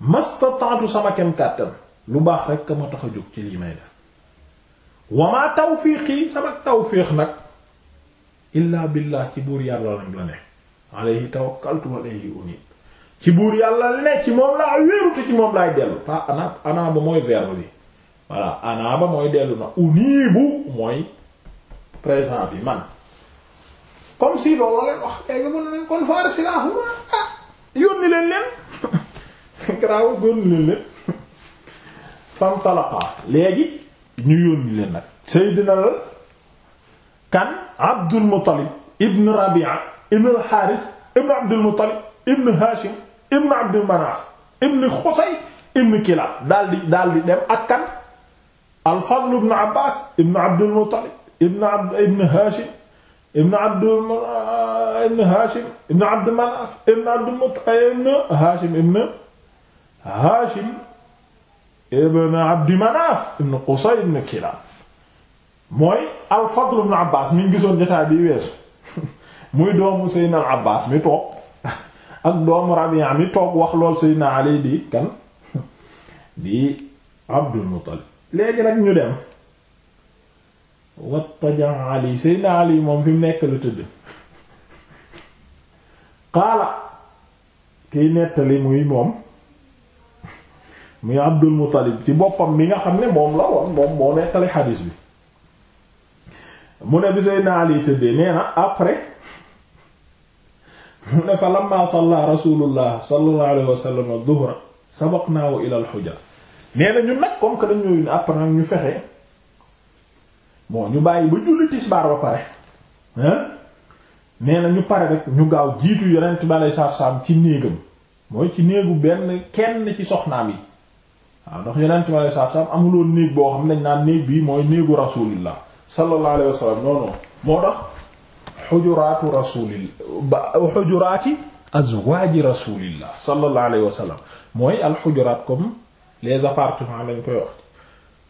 S1: mastata'tu sama kem kàttan lu baax rekk ma tax a jóg ci lii may def wa maa tawfiiqi sama tawfiiq nag illaa billaah ci buur yàlla nag la ne alayhi tawakkaltu wa alayhi ci buur yàlla ne ci moom laa wéerutu ci moom laay dellu pa ana ana mooy verbe bi voilà anaaba mooy dellu na uniibu mooy présent bi man comme si loolu leen wax léegi mën ah, leen leen leen garaawul yónni leen leen fam talaqa léegi ñu yónni leen nag Seydina kan Abdul Muttalib ibn Rabi'a ibn al ibn Abdul Muttalib ibn Hashim ibn Abdul Manaf ibn Qusay ibn Kilab daal di dem ak al-Fadl ibn Abbas ibn Abdul Muttalib ibn Abd ibn Hashim ibn Abd ibn Hashim ibn Abd Manaf ibn Abd Muttalib ibn Hashim ibn Hashim ibn Abd Manaf ibn Qusay ibn Kilab mooy al-Fadl ibn Abbas mi ngi gisoon jotaay bi weesu muy doomu Seydina Abbas mi toog ak doomu Rabi'a mi toog wax lool Seydina Ali di kan di Abdul Muttalib léegi nag ñu dem wattajan ali seydna ali moom fi mu nekk la tëdd qaala kiy nettali muy moom muy abdul muttalib ci boppam bi nga xam ne moom la woon moom moo nettali xadiis bi mu ne bi seydna ali tëddee nee après mu ne fa lamma salla rasulullah sallallahu alayhi wa sallam duhra sabaqnaahu ila al-hujra nee na ñun nag comme que dañ après nag ñu fexe bon ñu bàyyi ba julli tisbaar ba pare hein nee ñu pare rek ñu gaaw jiitu yonent bi aleyhi salaatu salaam ci néegam mooy ci néegu benn kenn ci soxnaam yi waaw ndax yonent bi aleyhi salaatu salaam amuloon néeg boo xam ne dañ naan néeg bi mooy néegu rasulillah sallallahu alayhi wa sallam non non moo tax xujuraatu rasulillah ba xujuraati azwaaji rasulillah sallallahu alayhi wa mooy alxujuraat comme les appartements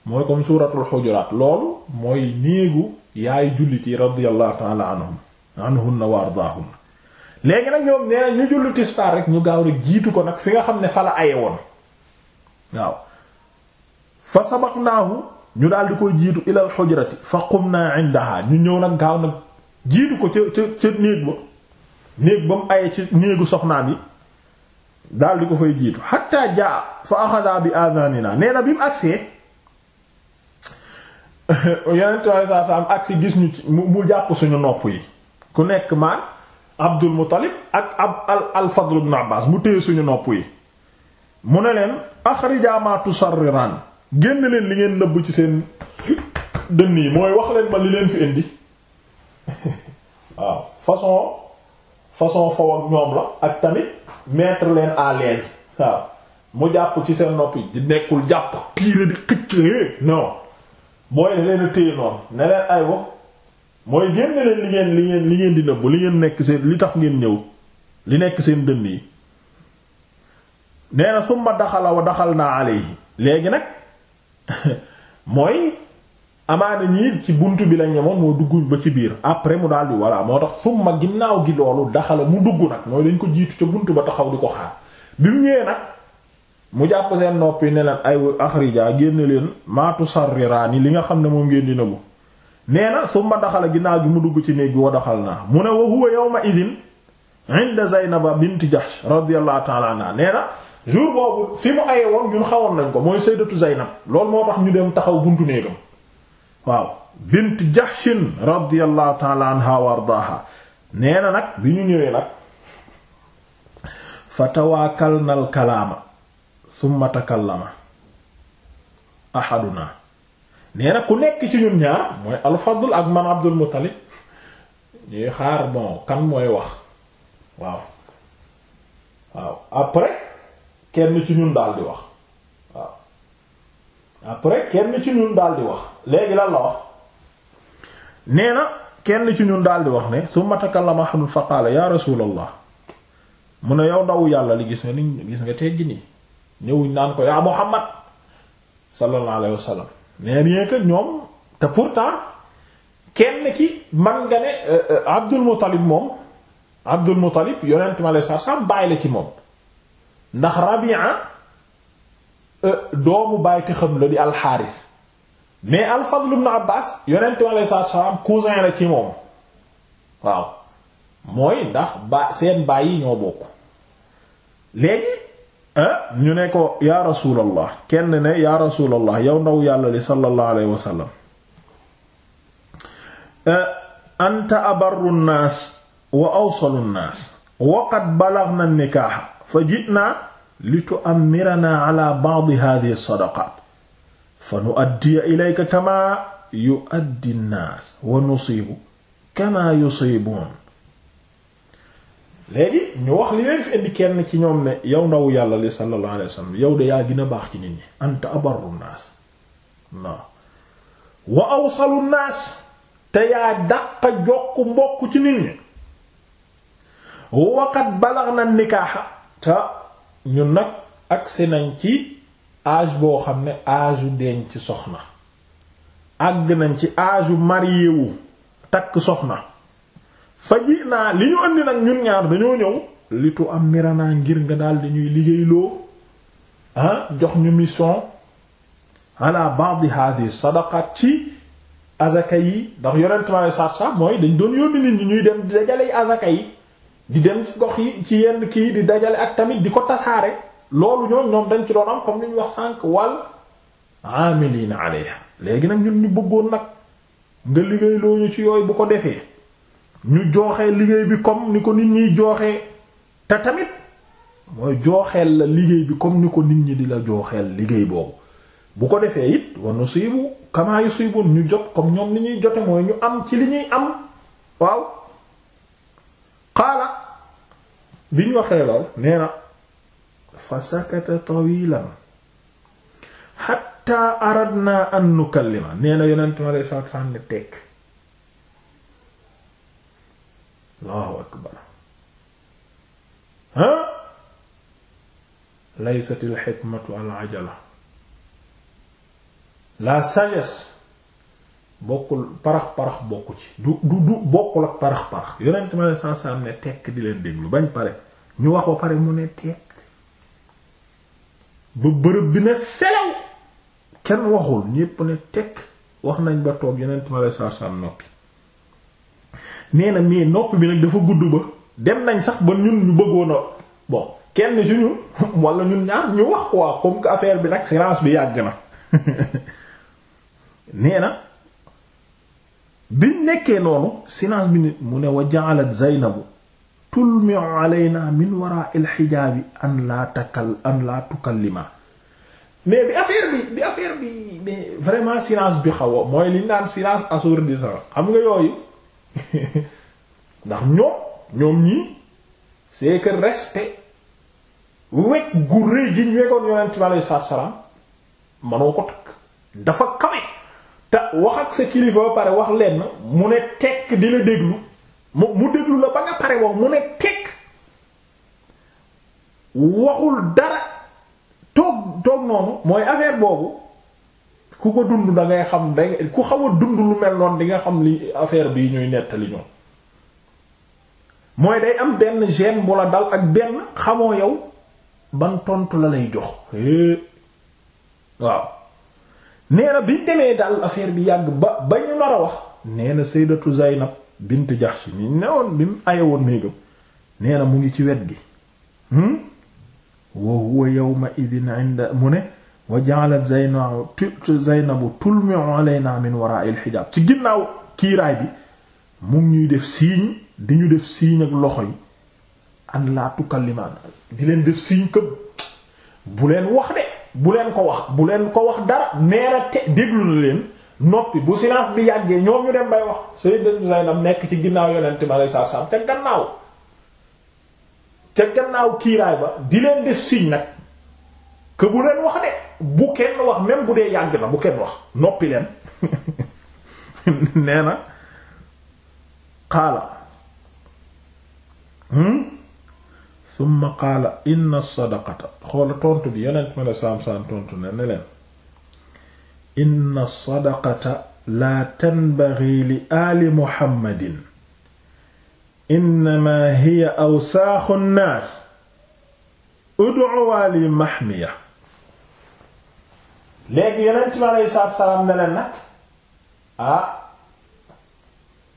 S1: mooy comme suuratul xujuraat loolu mooy néegu yaay jullit yi radiyallahu taala anhum anhunna wa ardaahunna léegi nag ñoom nee ñu julli tisbaar rek ñu gaaw rek jiitu ko nag fi nga xam ne fa la aye woon waaw fa sabaqnaahu ñu daal di koy jiitu ilal xujrati fa qumnaa indaha ñu ñëw nag gaaw nag jiitu ko ca ca ca néeg ba néeg ba mu aye ci néegu soxnaan yi daal di ko fay jiitu xatta jaa fa axada bi adanina nee na bi mu agsee yeneentu alei sat agsi gis ñu mu jàpp suñu nopp yi ku nekk maan Abdul Muttalib ak ab al Fadl ibn Abbas mu téye suñu nopp yi mu ne leen axrija ma tusarriran génn leen li ngeen nëbb ci seen dënn yi mooy wax ma li leen fi indi waaw façon façon faw ak ñoom la ak tamit mettre leen à l'aise waaw mu jàpp ci seen noppi di nekkul jàpp tiire di xëcc non booy leen téye noonu ne ay wax mooy génn leen li ngeen li ngeen li ngeen di nëbbu li ngeen nekk seen li tax ngeen ñëw li nekk seen dënn yi nee na summa daxala wa daxal naa alayhi léegi nag mooy amaana ñii ci bunt bi lañ ñemoon moo duggu ba ci biir après mu daal di voilà moo tax summa ginnaaw gi loolu daxala mu dugg nag mooy dañ ko jiitu ca bunt ba taxaw di ko xaar bi mu ñëwee nag mu jàpp seen noppi ne leen ay axrija génne leen maatu sarriraani li nga xam ne moom ngeen di nëbbu nee na summa daxala ginnaaw gi mu dugg ci néeg bi wa daxal naa mu ne wa huwa yawma idin inda Zaynaba bint Jahsh radiyallahu ta'ala anha nee na jour boobu fi mu aye woo ñun xawoon nañ ko mooy sayyidatu Zaynab loolu moo tax ñu dem taxaw buntu néegam waaw bint Jahshin radiyallahu ta'ala anha wa ardaaha nee na nag bi ñu ñëwee nag fatawaakalna al kalaama summa takallama ahaduna nee na ku nekk ci ñun ñaar mooy alfadl ak man abdul muttalib ñuy xaar bon kan mooy wax waaw waaw après kenn ci ñun daal di wax après kenn ci ñun daal di wax léegi lan la wax nee na kenn ci ñun daal di wax ne summa takallama ahadun fa qaala ya rasulallah mu ne yaw ndaw yàlla li gis nga ni gis nga teggi nii ñëwuñ naan ko yaa muhammad sallallahu alayhi wa sallam mais rien que ñoom te kenn ki man nga ne euh, euh, moom abdul muttalib yonent ma lay sa sam la ci moom ndax rabi'a Euh, doomu bàyti xam la di alxaaris mais al-Fadl ibn Abbas yonent bi salaam cousin la ci moom waaw mooy ndax ba seen baay ñoo bokk léegi ñu ne ko yaa rasulallah kenn ne yaa rasulallah yow ndaw yàlla li sallallahu alayhi wa sallam euh, anta abarru wa awsalu nnaas wa qad balaghna nikaaha fa ji'naa li tu'ammirana ala ba'di hadhihi sadaqat fa nu'addiya ilayka kama yu'addi ñu wax li leen fi indi kenn ci ñoom ne yow ndaw yàlla li sallallahu alayhi wasallam yow de yaa gën baax ci nit ñi anta abarru naas waaw wa awsalu naas te yaa daq jokk mbokk ci nit ñi waqat balax na nikaaxa ta ñun nag agsi nañ ci âge boo xam ne âge u denc soxna àgg nañ ci âge u marié wu takk soxna faji naa li ñu andi nag ñun ñaar dañoo ñëw litu am miranaa ngir nga daal di ñuy liggéeyloo ah jox ñu mission ala ba'd hadhihi sadaqat ci azaka yi ndax yonent ma saat sax mooy dañ doon yónni nit ñi ñuy dem dajale azaka yi di dem ci gox yi ci yenn kii di dajale ak tamit di ko tasaare loolu ñoom ñoom dañ ci doon am comme li ñu wax sànq wal amilina alayha léegi nag ñun ñu bëggoon nag nga liggéey ñu ci yooyu bu ko defee ñu jooxee liggéey bi comme ni ko nit ñiy jooxee te tamit mooy jooxeel liggéey bi comme ni ko nit ñi di la jooxeel liggéey boobu bu ko defee it war ñu jot comme ñoom ni ñuy jote mooy ñu am ci li ñuy am waaw qaala bi ñu waxee lool nee fa sakata tawilan xatta aradna an nukallima nee na akbar ha al hikmatu al ajala la sagesse bokkul parax parax bokku ci du du du bokkul ak parax parax yonent ma ne saa am ne tekk di leen déglu bañ pare ñu wax ba pare mu ne tekk ba bërëb bi ne selew kenn waxul ñépp ne tekk wax nañ ba toog yonent ma ne saa am noppi nee na mais noppi bi nag dafa gudd ba dem nañ sax ba ñun ñu bëggoon bon kenn ci ñun wala ñun ñaar ñu wax waa comme que affaire bi nag silence bi yàgg na nee na. biñ nekkee noonu sinance bi nit mu ne wa ja'alat Zaynabu tulmi'u alayna min wara'il hijaabi an laa takal an laa tukallima mais bi affaire bi bi affaire bi mais vraiment silence bi xaw a mooy liñ naan silence assourdissant xam nga yooyu ndax ñoom ñoom ñii c'est que respect wekk gu rëy gi ñu wekkoon bi alayhi salaam manoo ko takk dafa kawe te wax ak sa kilifa ba pare wax lenn mu ne tekk di la déglu mu mu déglu la ba nga pare wax mu ne tekk waxul dara toog toog noonu mooy affaire boobu ku ko dund da xam da ku xaw a dund lu mel noon di nga xam li affaire bii ñuy nettali ñoom mooy day am benn gêne bu la dal ak benn xamoo yow ban tontu la lay jox waaw. nee na biñ daal affaire bi yàgg ba ba ñu nar a wax nee na Zaynab bint Jahsh mi newoon bi mu ayewoon néegam nee mu ngi ci wet gi hmm? wa huwa yawma idin inda mu ne wa Zaynabu tulmi'u alayna min wara'i al ci ginnaaw kiiraay bi mu ngi ñuy def signe di ñu def signe ak loxo yi an la tukallimana di leen def signe këb bu leen wax de bu leen ko wax bu leen ko wax dara nee na te déglu na leen noppi bu silence bi yàggee ñoom ñu dem bay wax Sayyidatu Zaynab nekk ci ginnaaw yonent mi alayhi salaam te gannaaw ca gannaaw kiiraay ba di leen def signe nag que bu leen wax de bu kenn wax même bu dee yàgg na bu kenn wax noppi leen nee na xaala hmm summa qaala inna sadaqata xoola tontu bi yonent ma ne saam-saam tontu ne ne leen inna sadaqata laa tanbaghi li aali muhammadin innamaa hiya awsaaxu nnaas ud'uwaa li mahmiya léegi yonent ma ne saam-saam ne leen nag ah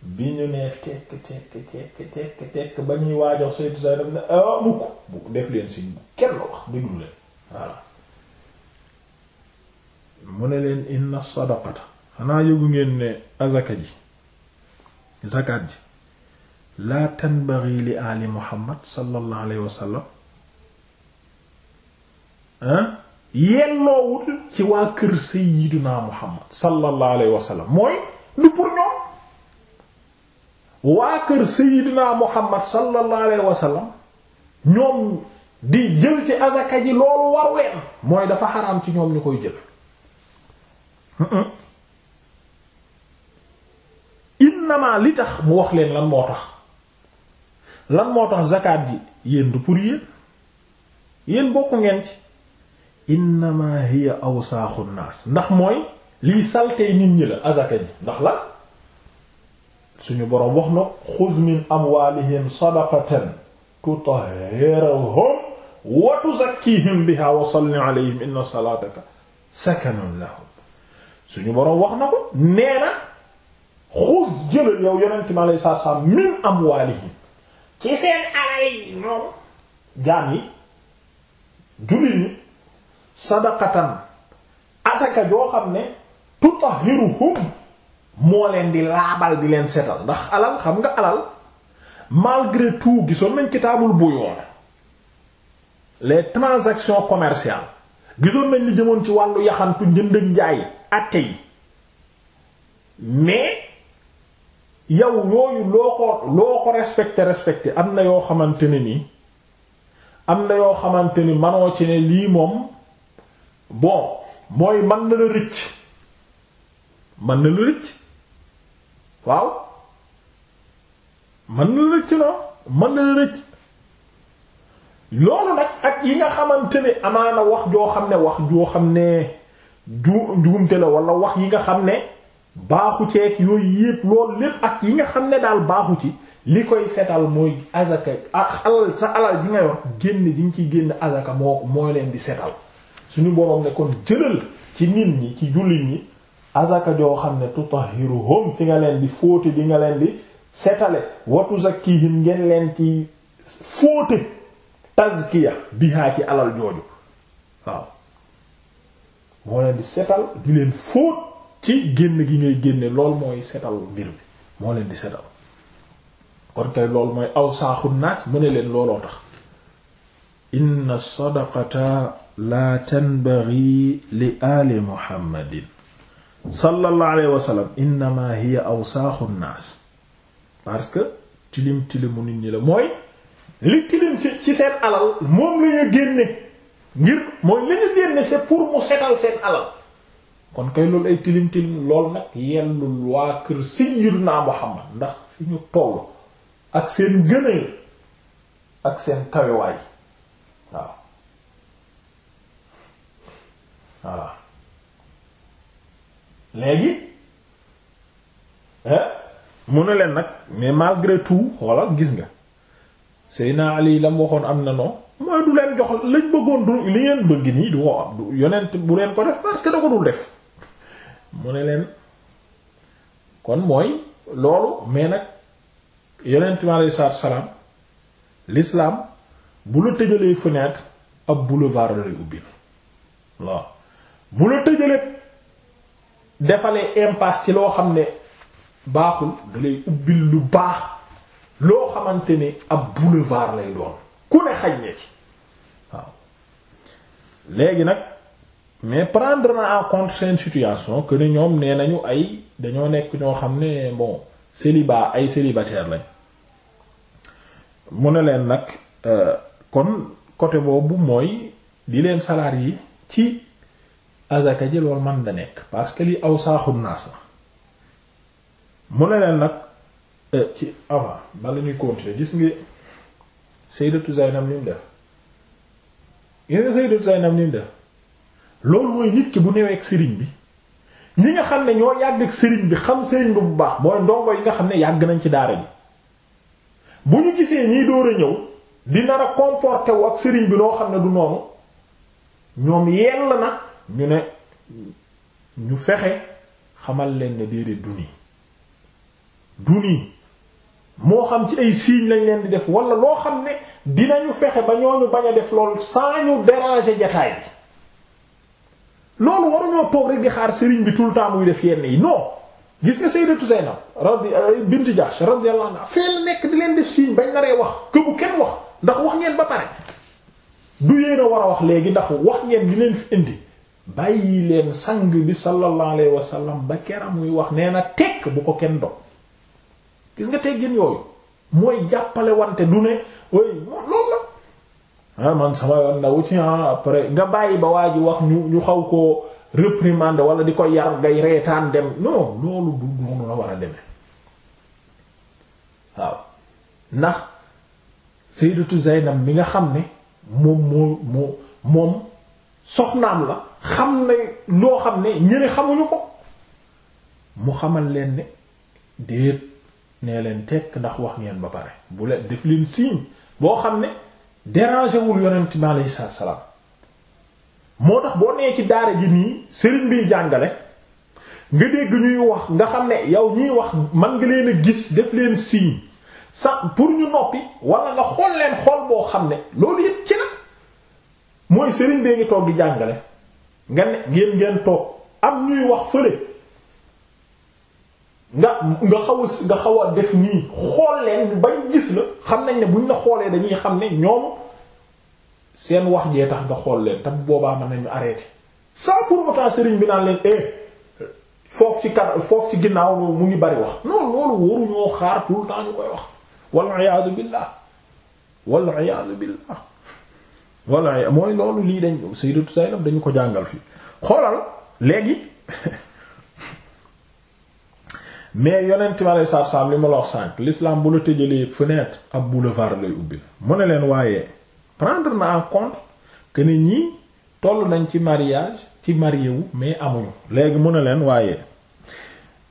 S1: bi ñu nee tekk tek tekk tekk tekk ba ñuy waajox saytu say daf ne ah mukk bu def leen siñ bu kenn wax déglu leen voilà mu ne leen inna sadaqata xanaa yëgu ngeen ne azaka ji zakat ji laa tanbaghi li ali muhammad sallallahu alayhi wa sallam ah yelloowul ci waa kër sayyiduna muhammad sallallahu alayhi wa mooy lu pour ñoom waa kër Seydina Muhammad sallallahu alayhi wa sallam ñoom di jël ci azaka ji loolu waru mooy dafa xaraam ci ñoom ñu koy jël innama li tax mu wax leen lan moo tax lan moo tax zakat ji yéen du pour yéen yéen bokku ngeen ci innama hiya awsaaxu naas ndax mooy liy saltee nit ñi la azaka ji ndax la suñu boroom wax na xuz min amwaalihim sadaqatan tutahhiruhum wa tuzakkiihim bihaa wa salli alayhim inna salaataka sakanun lahum suñu boroom wax na ko nee na xuz jëlal yow yonent mi alayhi salaatu salaam min amwaalihim ci seen alal yi ñoom jaam yi jullit ñi sadaqatan asaka joo xam ne tutahhiruhum moo leen di laabal di leen setal ndax alal xam nga alal malgré tout gisoon nañ kitaabul buyoon les transactions commerciales gisoon nañ li jëmoon ci wàllu yaxantu njënd ak njaay atte yi mais yow yooyu loo ko loo ko respecté respecté am na yoo xamante ne ni am na yoo xamante ni manoo ci ne lii moom bon mooy man na la rëcc man na la rëcc waaw man na la rëcc noonu mën na la loolu nag ak yi nga xamante ne amaana wax joo xam ne wax joo xam ne ju njuumte la wala wax yi nga xam ne baaxu ceeg yooyu yépp loolu lépp ak yi nga xam ne daal baaxu ci li koy setal mooy azaka alal sa alal ji nga yor génn ji nga ciy génn azaka moo mooy leen di setal suñu boroom ne kon jëlal ci nit ñi ci jullit ñi azaka joo xam ne tutahhiruhum ci nga leen di fóote di nga leen di setale watu zakkihim ngeen leen ci fóote tazkiya bihaa ci alal jooju waaw moo leen di setal di leen fóot ci génn gi ngay génne lool mooy setal mbir mi moo leen di setal kon kay loolu mooy aw saaxu naas mu ne leen looloo tax inna sadaqata la tanbaghi li ali muhammadin sallallahu alayhi wa sallam innama awsaaxu naas parce que tilim tilimu nit ñi la mooy li tilim ci ci seen alal moom la génne ngir mooy la génne c'est pour mu setal seen alal kon kay loolu ay tilim tilim lool nag yellul waa kër sayyidina Muhammad ndax fi ñu toll ak seen gëneel ak seen waaw waaw léegi eh? mu ne leen nag mais malgré tout xoolal gis nga Seyna Ali la mu waxoon am na non mooy du leen jox lañ bëggoon du li ngeen bëgg nii du ko am yonent bu leen ko def parce que da ko dul def mu ne leen kon mooy loolu mais nag yonent mi aleyhi salaatu salaam l'islam bu la tëjalee fenêtre ab boulevard lay ubbil waaw bu la tëjalee defalee impasse ci loo xam ne baaxul da lay ubbil lu baax loo xamante ne ab boulevard lay doon ku ne xaj ne ci waaw léegi nag mais prendre na en compte seen situation que ne ñoom nee nañu ay dañoo nekk ñoo xam ne bon célibat ay célibataire lañ mu ne leen nag euh, kon côté boobu mooy di leen yi ci azaka ji loolu man da nekk parce que li aw saaxu naas la mu ne leen nag eh, ci avant bala ñuy continuer gis nga Sayyidatu Zaynab ni mu def gis nga ni loolu mooy nit ki bu newee ak sëriñ bi ñi nga xam ne ñoo yàgg ak sëriñ bi xam sëriñ bi bu baax mooy ndongo yi nga xam ne yàgg nañ ci daara ji bu ñu gisee ñiy door ñëw di nar a comporter wu ak sëriñ bi loo xam ne du noonu ñoom yell na ñu ne ñu fexe xamal leen ne déedéet du nii du moo xam ci ay signes lañ leen di def wala loo xam ne dinañu fexe ba ñooñu bañ a def lool sans ñu déranger jataay bi loolu ñoo toog rek di xaar sëriñ bi tout le temps muy def yenn yi non gis nga Sayyidatu Zaynab radi euh, bint Jahsh radiyallahu anha feel nekk di leen def signe bañ naree wax que kenn wax ndax wax ngeen ba pare du yéen war a wax léegi ndax wax ngeen di leen fi indi. bàyyi leen sang bi sallallahu alayhi wa sallam ba keram muy wax nee na tekk bu ko kenn dog gis nga teggin yooyu mooy jàppale wante du ne way ah, man sama yoon na wu ci ah, après nga bàyyi ba waa ji wax ñu ñu xaw ko reprimande wala di ko yar ngay reetaan dem non loolu du noonu la war a demee waaw ndax sayyidatu Zaynab mi nga xam ne moom soxnaam la xam ne loo xam ne ñëne xamuñu ko mu xamal leen ne déet nee leen tekk ndax wax ngeen ba pare bu leen def leen signe boo xam ne déranger wul yonent bi aleyhi salaatu salaam moo tax boo nee ci daara ji nii sëriñ biy jàngale nga dégg ñuy wax nga xam ne yow ñuy wax man ngi leen gis def leen signe sa pour ñu noppi wala nga xool leen xool boo xam ne loolu yëpp ci la mooy sëriñ bee ngi toog di jàngale nga ne ngeen ngeen toog am ñuy wax fële nga nga xaw a nga xaw def nii xool leen bañ gis la xam nañ ne buñ la xoolee dañuy xam ne ñoom seen wax jee tax nga xool leen te boobaa mën nañu arrêté sans pour autant sëriñ bi naan leen eh foofu ci kar foofu ci ginnaaw mu ngi bari wax non loolu waruñoo xaar tout le temps ñu koy wax wal iyaadu billah wal iyaadu billah walla mooy loolu lii dañ Sayyidatu Zaynab dañu ko jàngal fii xoolal léegi mais yonent mi alei satu li ma la wax sànq l'islam bu la tëjalee fenêtre ab boulevard lay ubbi mu ne leen waaye prendre na en compte que ne ñii toll nañ ci mariage ci marié wu mais amuñu léegi mu ne leen waaye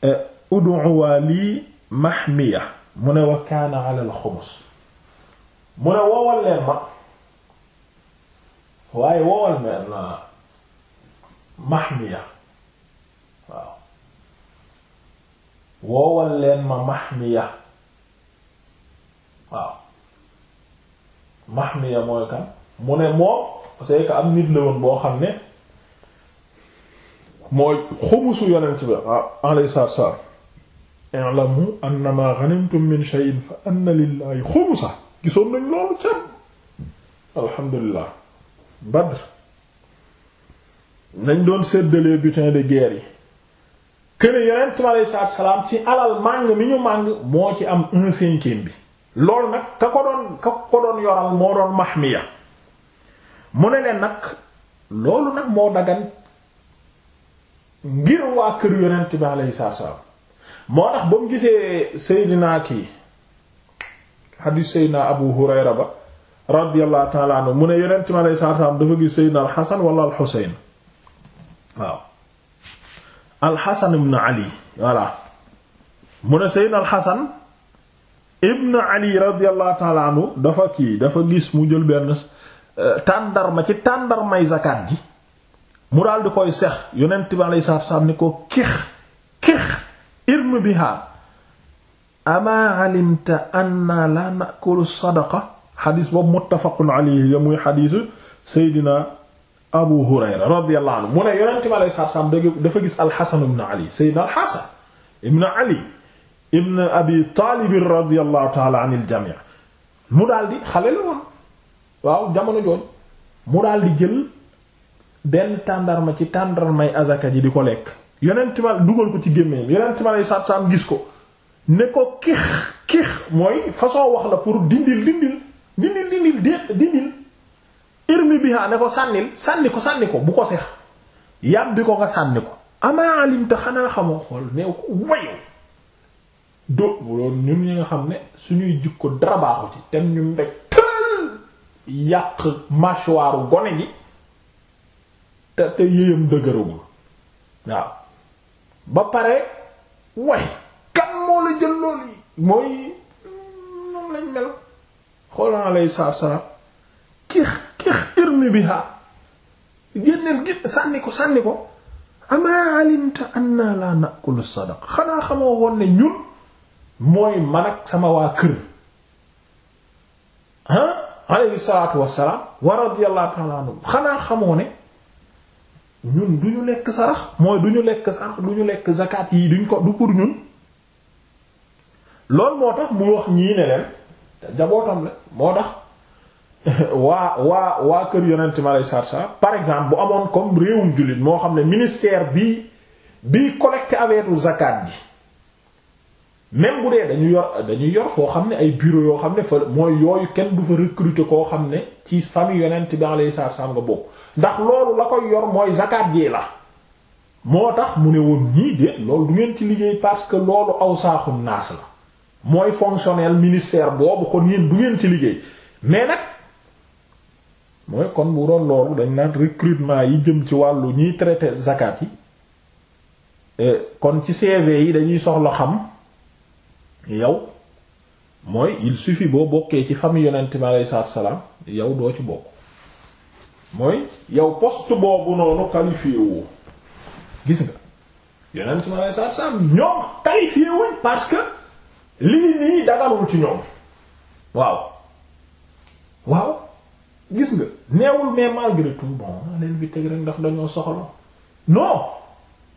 S1: euh, uduwa lii mahmiya mu ne wa kaana ala al mu ne woowal leen ma waaye woowal meen Mahmiya waaw woowal ma Mahmiya waaw Mahmiya mooy kan mu ne moom c'est que am nit la boo xam ne mooy xumusu yonent bi ah, alayhi salaatu salaam i'lamu annama ghanimtum min shay'in fa anna lillahi xumusa gisoon nañ loolu ca alhamdulillah Badr nañ doon séddalee butin de guerre yi këne yonent bi aleyhi salaatu salaam ci alal màng mi ñu màng moo ci am un bi loolu nag ka ko doon ka ko doon yoral moo doon mahmiya mu ne leen nag loolu nag moo dagan ngir waa kër yonent bi aleyhi salaatu salaam moo tax ba gisee Seydina kii xadiis Seydina Abu Hurayra ba radiyallahu ta'ala mu ne yonent mi alayhi salaatu dafa gis Seydina Alxasan wala Alxuseyn waaw Alxasan ibn Ali voilà mu ne Alxasan ibn Ali radiyallahu ta'ala dafa kii dafa gis mu jël benn euh, tàndarma ci tàndarmay zakat ji mu koy sex yonent bi alayhi salaatu ni ko kix kix irm biha ama alimta anna la na'kulu sadaqa xadis boobu muttafaqun alayhi la muy xadisu Seydina Abu Hurayra radiyallahu mu ne yonent bi alayhi salaam dafa gis Alxasan ibn Ali Seydina Alxasan ibn Ali ibn Abi Taalib radiyallahu ta'ala mu daal di xale la woon waaw jamono jooju mu daal di jël benn ci tàndarmay azaka ji di ko lekk yonent bi dugal ko ci gémmiñ yonent bi alayhi salaam gis ko ne ko kix kix mooy façon wax la pour dindil dindil. dindil dindil dé dindil irmi biha ne ko sànnil sànni ko sànni ko bu ko sex yàbbi ko nga sànni ko amaa alimta xanaa xamoo xool neew ko wayu dóot bu doon ñun ñi nga xam ne suñuy jikko dara baaxu ci tem ñu mbéj tël yàq mâchoire gone gi te te yéyam dëgëragul waaw ba pare way kan moo la jël loolu yi mooy moom mm, lañ mel xoola alayhi salaam kix kix irmi biha génneel la nakulu sadaq xanaa xamoo woon ne ñun mooy man ak sama waa kër ah alayhi salaatu wassalaam wa radiyallahu ta'ala anhu xanaa xamoo ne ñu lekk sarax mooy du lekk sarax du lekk zakat yi duñ ko du pour ñun loolu moo tax mu wax ñii leen jabootam la moo tax waa waa waa kër yonent ma lay par exemple bu amoon comme réewum jullit moo xam ne ministère bi bi collecté avec zakat ji même bu dee dañu yor dañu yor foo xam ne ay bureau yoo xam ne fa mooy yooyu kenn du fa recruter koo xam ne ci famille yonent bi alayhi salaam nga bokk ndax loolu la koy yor mooy zakat jee la moo tax mu ne woon ñii de loolu du ngeen ci liggéey parce que loolu aw saaxum naas la mooy fonctionnel ministère boobu kon yéen du ngeen ci liggéey mais nag mooy kon bu doon loolu dañ naan recrutement yi jëm ci wàllu ñiy traité zakat yi eh, kon ci CV yi dañuy soxla xam yow mooy il suffit boo bokkee ci famille yonent bi aleyhi salaam yow doo ci bokk mooy yow poste boobu noonu qualifié gis nga yonent bi aleyhi salaam ñoom qualifié wuñ lii nii dagalul ci ñoom waaw waaw gis nga neewul mais malgré tout bon maa leen fi teg rek ndax dañoo soxla non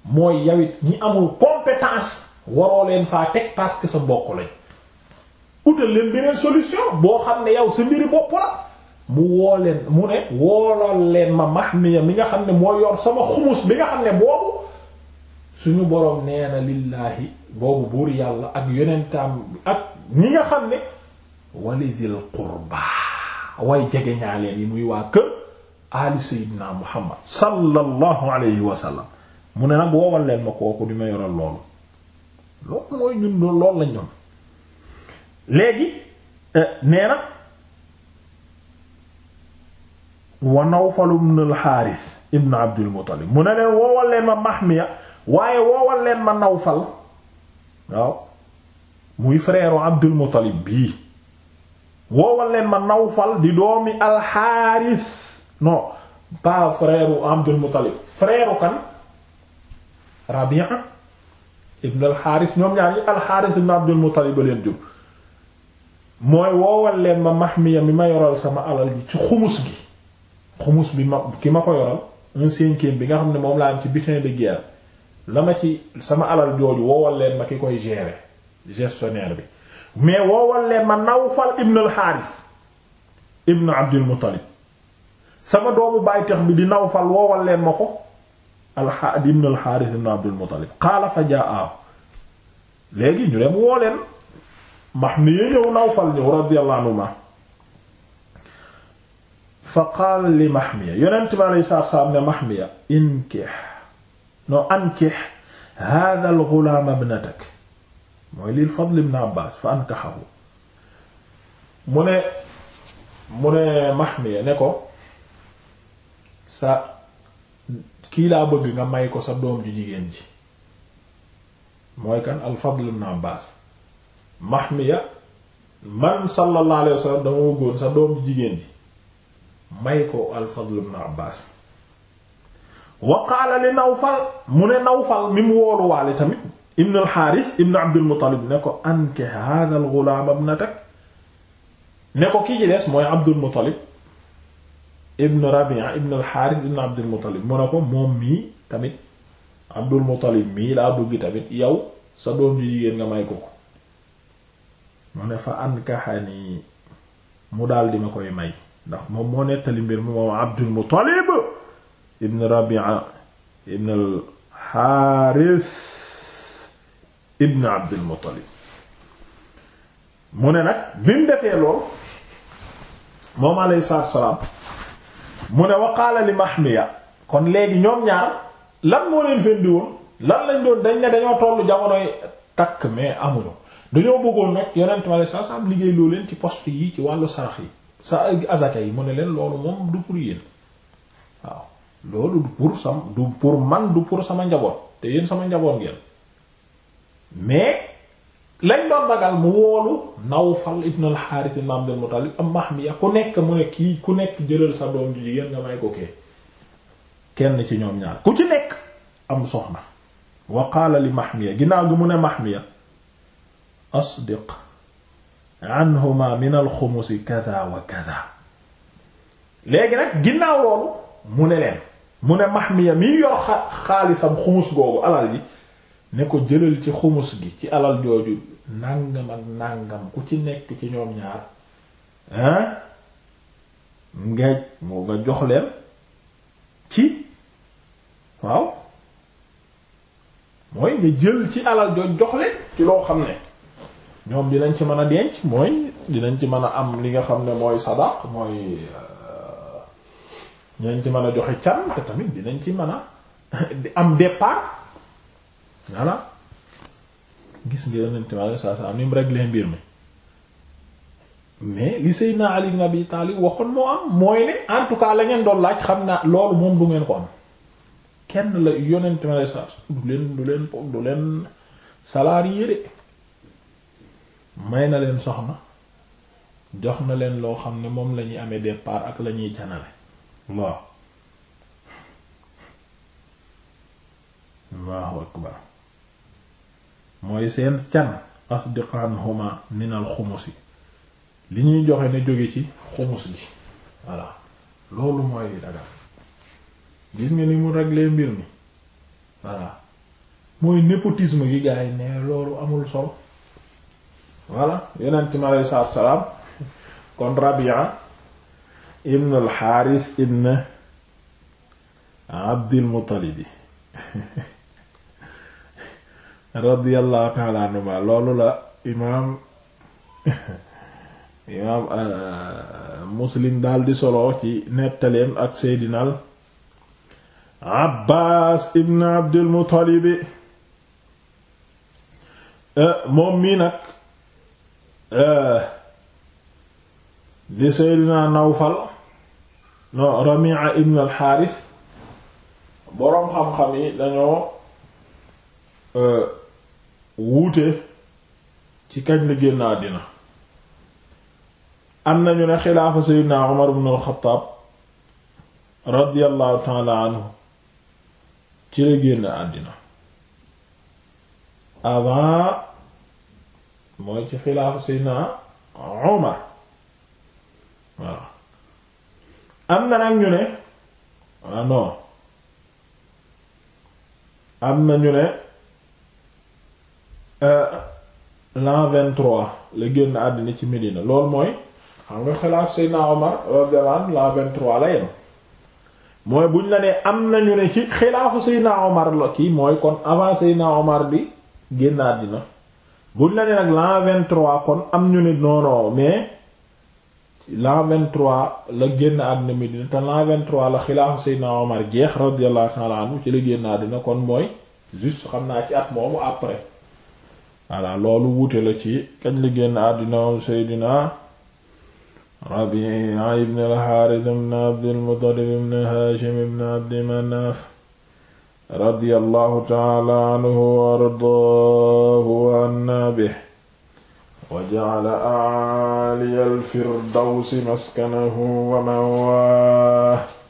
S1: mooy yawit ñi amul compétence waroo leen faa teg parce que sa mbokk lañ utal leen beneen solution boo xam ne yow sa mbiri bopp mu woo leen mu ne woolal leen ma mahmiya mi nga xam ne moo yor sama xumus bi nga xam ne boobu suñu boroom nee na lillaahi boobu buur yàlla ak yonentaam ak ñi nga xam ne walidil qurba way jege ñaaleen yi muy waa kër ali sayyidina muhammad sallallahu alayhi wa mu ne nag woowal leen ma kooku di ma yoral loolu loolu mooy ñun loolu la ñoom léegi eh, nee na wa nawfal ibn al xaaris ibn abdul muttalib mu ne leen woowal leen ma mahmiya waaye woowal leen ma nawfal waaw muy frère Abdul Muttalib bii woowal leen ma Nawfal di doomi alxaaris non pas frère Abdul Muttalib frère kan Rabia ibn alxaaris ñoom ñaar yi alxaaris ibn Abdul Muttalib ba jur mooy woowal leen ma Mahmiya mi ma yoral sama alal ji ci xumus gi xumus bi ma ki ma ko yoral un bi nga xam ne moom laa am ci butin de guerre la ma ci sama alal jooju woowal leen ma ki koy gérer gestionnaire bi mais woowal leen ma Nawfal ibn al-Haaris ibn Abdul Muttalib sama doomu bàytex bi di Nawfal woowal leen ma ko al ibn al-Haaris ibn Abdul Muttalib qaala fa jaa léegi ñu dem woo leen Mahmiya ñëw Nawfal ñëw radiyallahu anhu fa qaala li Mahmiya yonent bi alayhi salaatu wa salaam ne Mahmiya no ankih hadha al-ghulaam mooy lil Fadl ibn Abbaas fa ankahahu mu ne mu ne Mahmiya ne ko sa kii laa bëgg nga may ko sa doom ju jigéen ji mooy kan al-Fadl ibn Abbaas Mahmiya man sallallahu alayhi wa sallam dama bëggoon sa doom ju jigéen ji may ko al-Fadl ibn Abbaas wa qaala li nawfal mu ne nawfal mi mu woolu waale tamit ibn alxaaris ibn abdulmutalib ne ko anke hada algulaam ibnatak ne ko kii ci des mooy abdulmutalib ibn rabia ibn alxaaris ibn abdulmutalib mu ne ko moom mii tamit abdulmutalib mii laa bëgg tamit yow sa doom ju jigéen nga may ko ko mu ne fa ankaxani mu daal di ma koy may ndax moom moo nettali mbir mu moom abdulmutalib ibn Rabi'a ibn al-Haaris ibn Abdul Muttalib mu ne nag bi mu defee lool moom alayhi salaatu wassalaam mu ne wa qaala li Mahmiya kon léegi ñoom ñaar lan moo leen fendi woon lan lañ doon dañ ne dañoo tollu jamonoy takk mais amuñu dañoo bëggoon nag yonent mi alayhi salaatu liggéey loo ci poste yi ci wàllu sarax yi sa azaka yi mu ne leen loolu moom du pour yéen waaw loolu du pour sam du pour man du pour sama njaboot te yéen sama njaboot ngeen mais lañ doon ragal mu woolu Nawfal ibn al-Harith ibn Abdul Muttalib am Mahmiya ku nekk mu ne kii ku nekk jëlal sa doom ju jigéen nga may ko kee kenn ci ñoom ñaar ku ci nekk am soxna wa qaala li Mahmiya ginnaaw gi mu ne Mahmiya asdiq anhuma min al-xumus kada wa kada léegi nag ginnaaw loolu mu ne leen mu ne Mahmiya mi yor xaalisam xumus googu alal yi ne ko jëlal ci xumus gi ci alal jooju nàngam ak nàngam ku ci nekk ci ñoom ñaar hein ngeej moo nga jox leen ci waaw mooy nga jël ci alal jooju jox leen ci loo xam ne ñoom dinañ ci mën a denc mooy dinañ ci mën a am li nga xam ne mooy sadaq mooy dinañ ci mën a joxe can te tamit dinañ ci mën a am départ voilà gis nga yonent ma saa saa ni mu réglé mbir mi mais li Seydina Ali ibn Abi Talib waxoon moo am mooy ne en tout cas la ngeen doon laaj xam naa loolu moom du ngeen ko am kenn la yonent ma saa du leen du leen du leen salarié de may na leen soxna jox na leen loo xam ne moom la ñuy amee départ ak la ñuy janale waaw Allahu akbar mooy seen can asdiqan huma minal xumus yi li ñuy joxe ne jóge ci xumus gi voilà loolu mooy li gis nga ni mu régler mbir mi voilà mooy népotisme gi gars yi ne loolu amul solo voilà yeneen ci ma lay salaam kon Rabia ibn alxaaris ibn abdilmuttalibi radiallahu taala anhuma loolu la imaam imaam euh, muslim daal di solo ci nettaleem ak seydinal abbaas ibn abdilmuttalibi euh, moom mii nag euh, di seydina nawfal non ibn al boroom xam-xam yi dañoo euh, wuute ci kañ la génn àddina am nañu ne xilaafa Seydina Umar ibn al radiyallahu ta'ala anhu ci la génn àddina avant mooy ci xilaafa Seydina Umar waaw am na nag ñu ne ah non am na ñu ne euh, l'an vingt-trois la génn àddina ci Medina loolu mooy xam nga xilaaf Seydina Omar radiyallahu anhu trois la yem mooy buñ la nee am nañu ne ci xilaafu Seydina Omar la kii mooy kon avant Seydina bi génn àddina buñ la nee nag l'an vingt-trois kon am ñu ne non mais l'an 23 la génn àddina Medina te l'an 23 la xilaafu Seydina Omar jeex radiyallahu ta'ala ci la génn àddina kon mooy juste xam naa ci at moomu après voilà loolu wuute la ci kañ la génn àddina Seydina Rabi'a ibn al-Harith ibn Abdul Muttalib ibn Hashim ibn Abdi Manaf radiyallahu ta'ala anhu wa ardaahu wa wa ja'ala a'aliyal firdawsi maskanahu wa mawaa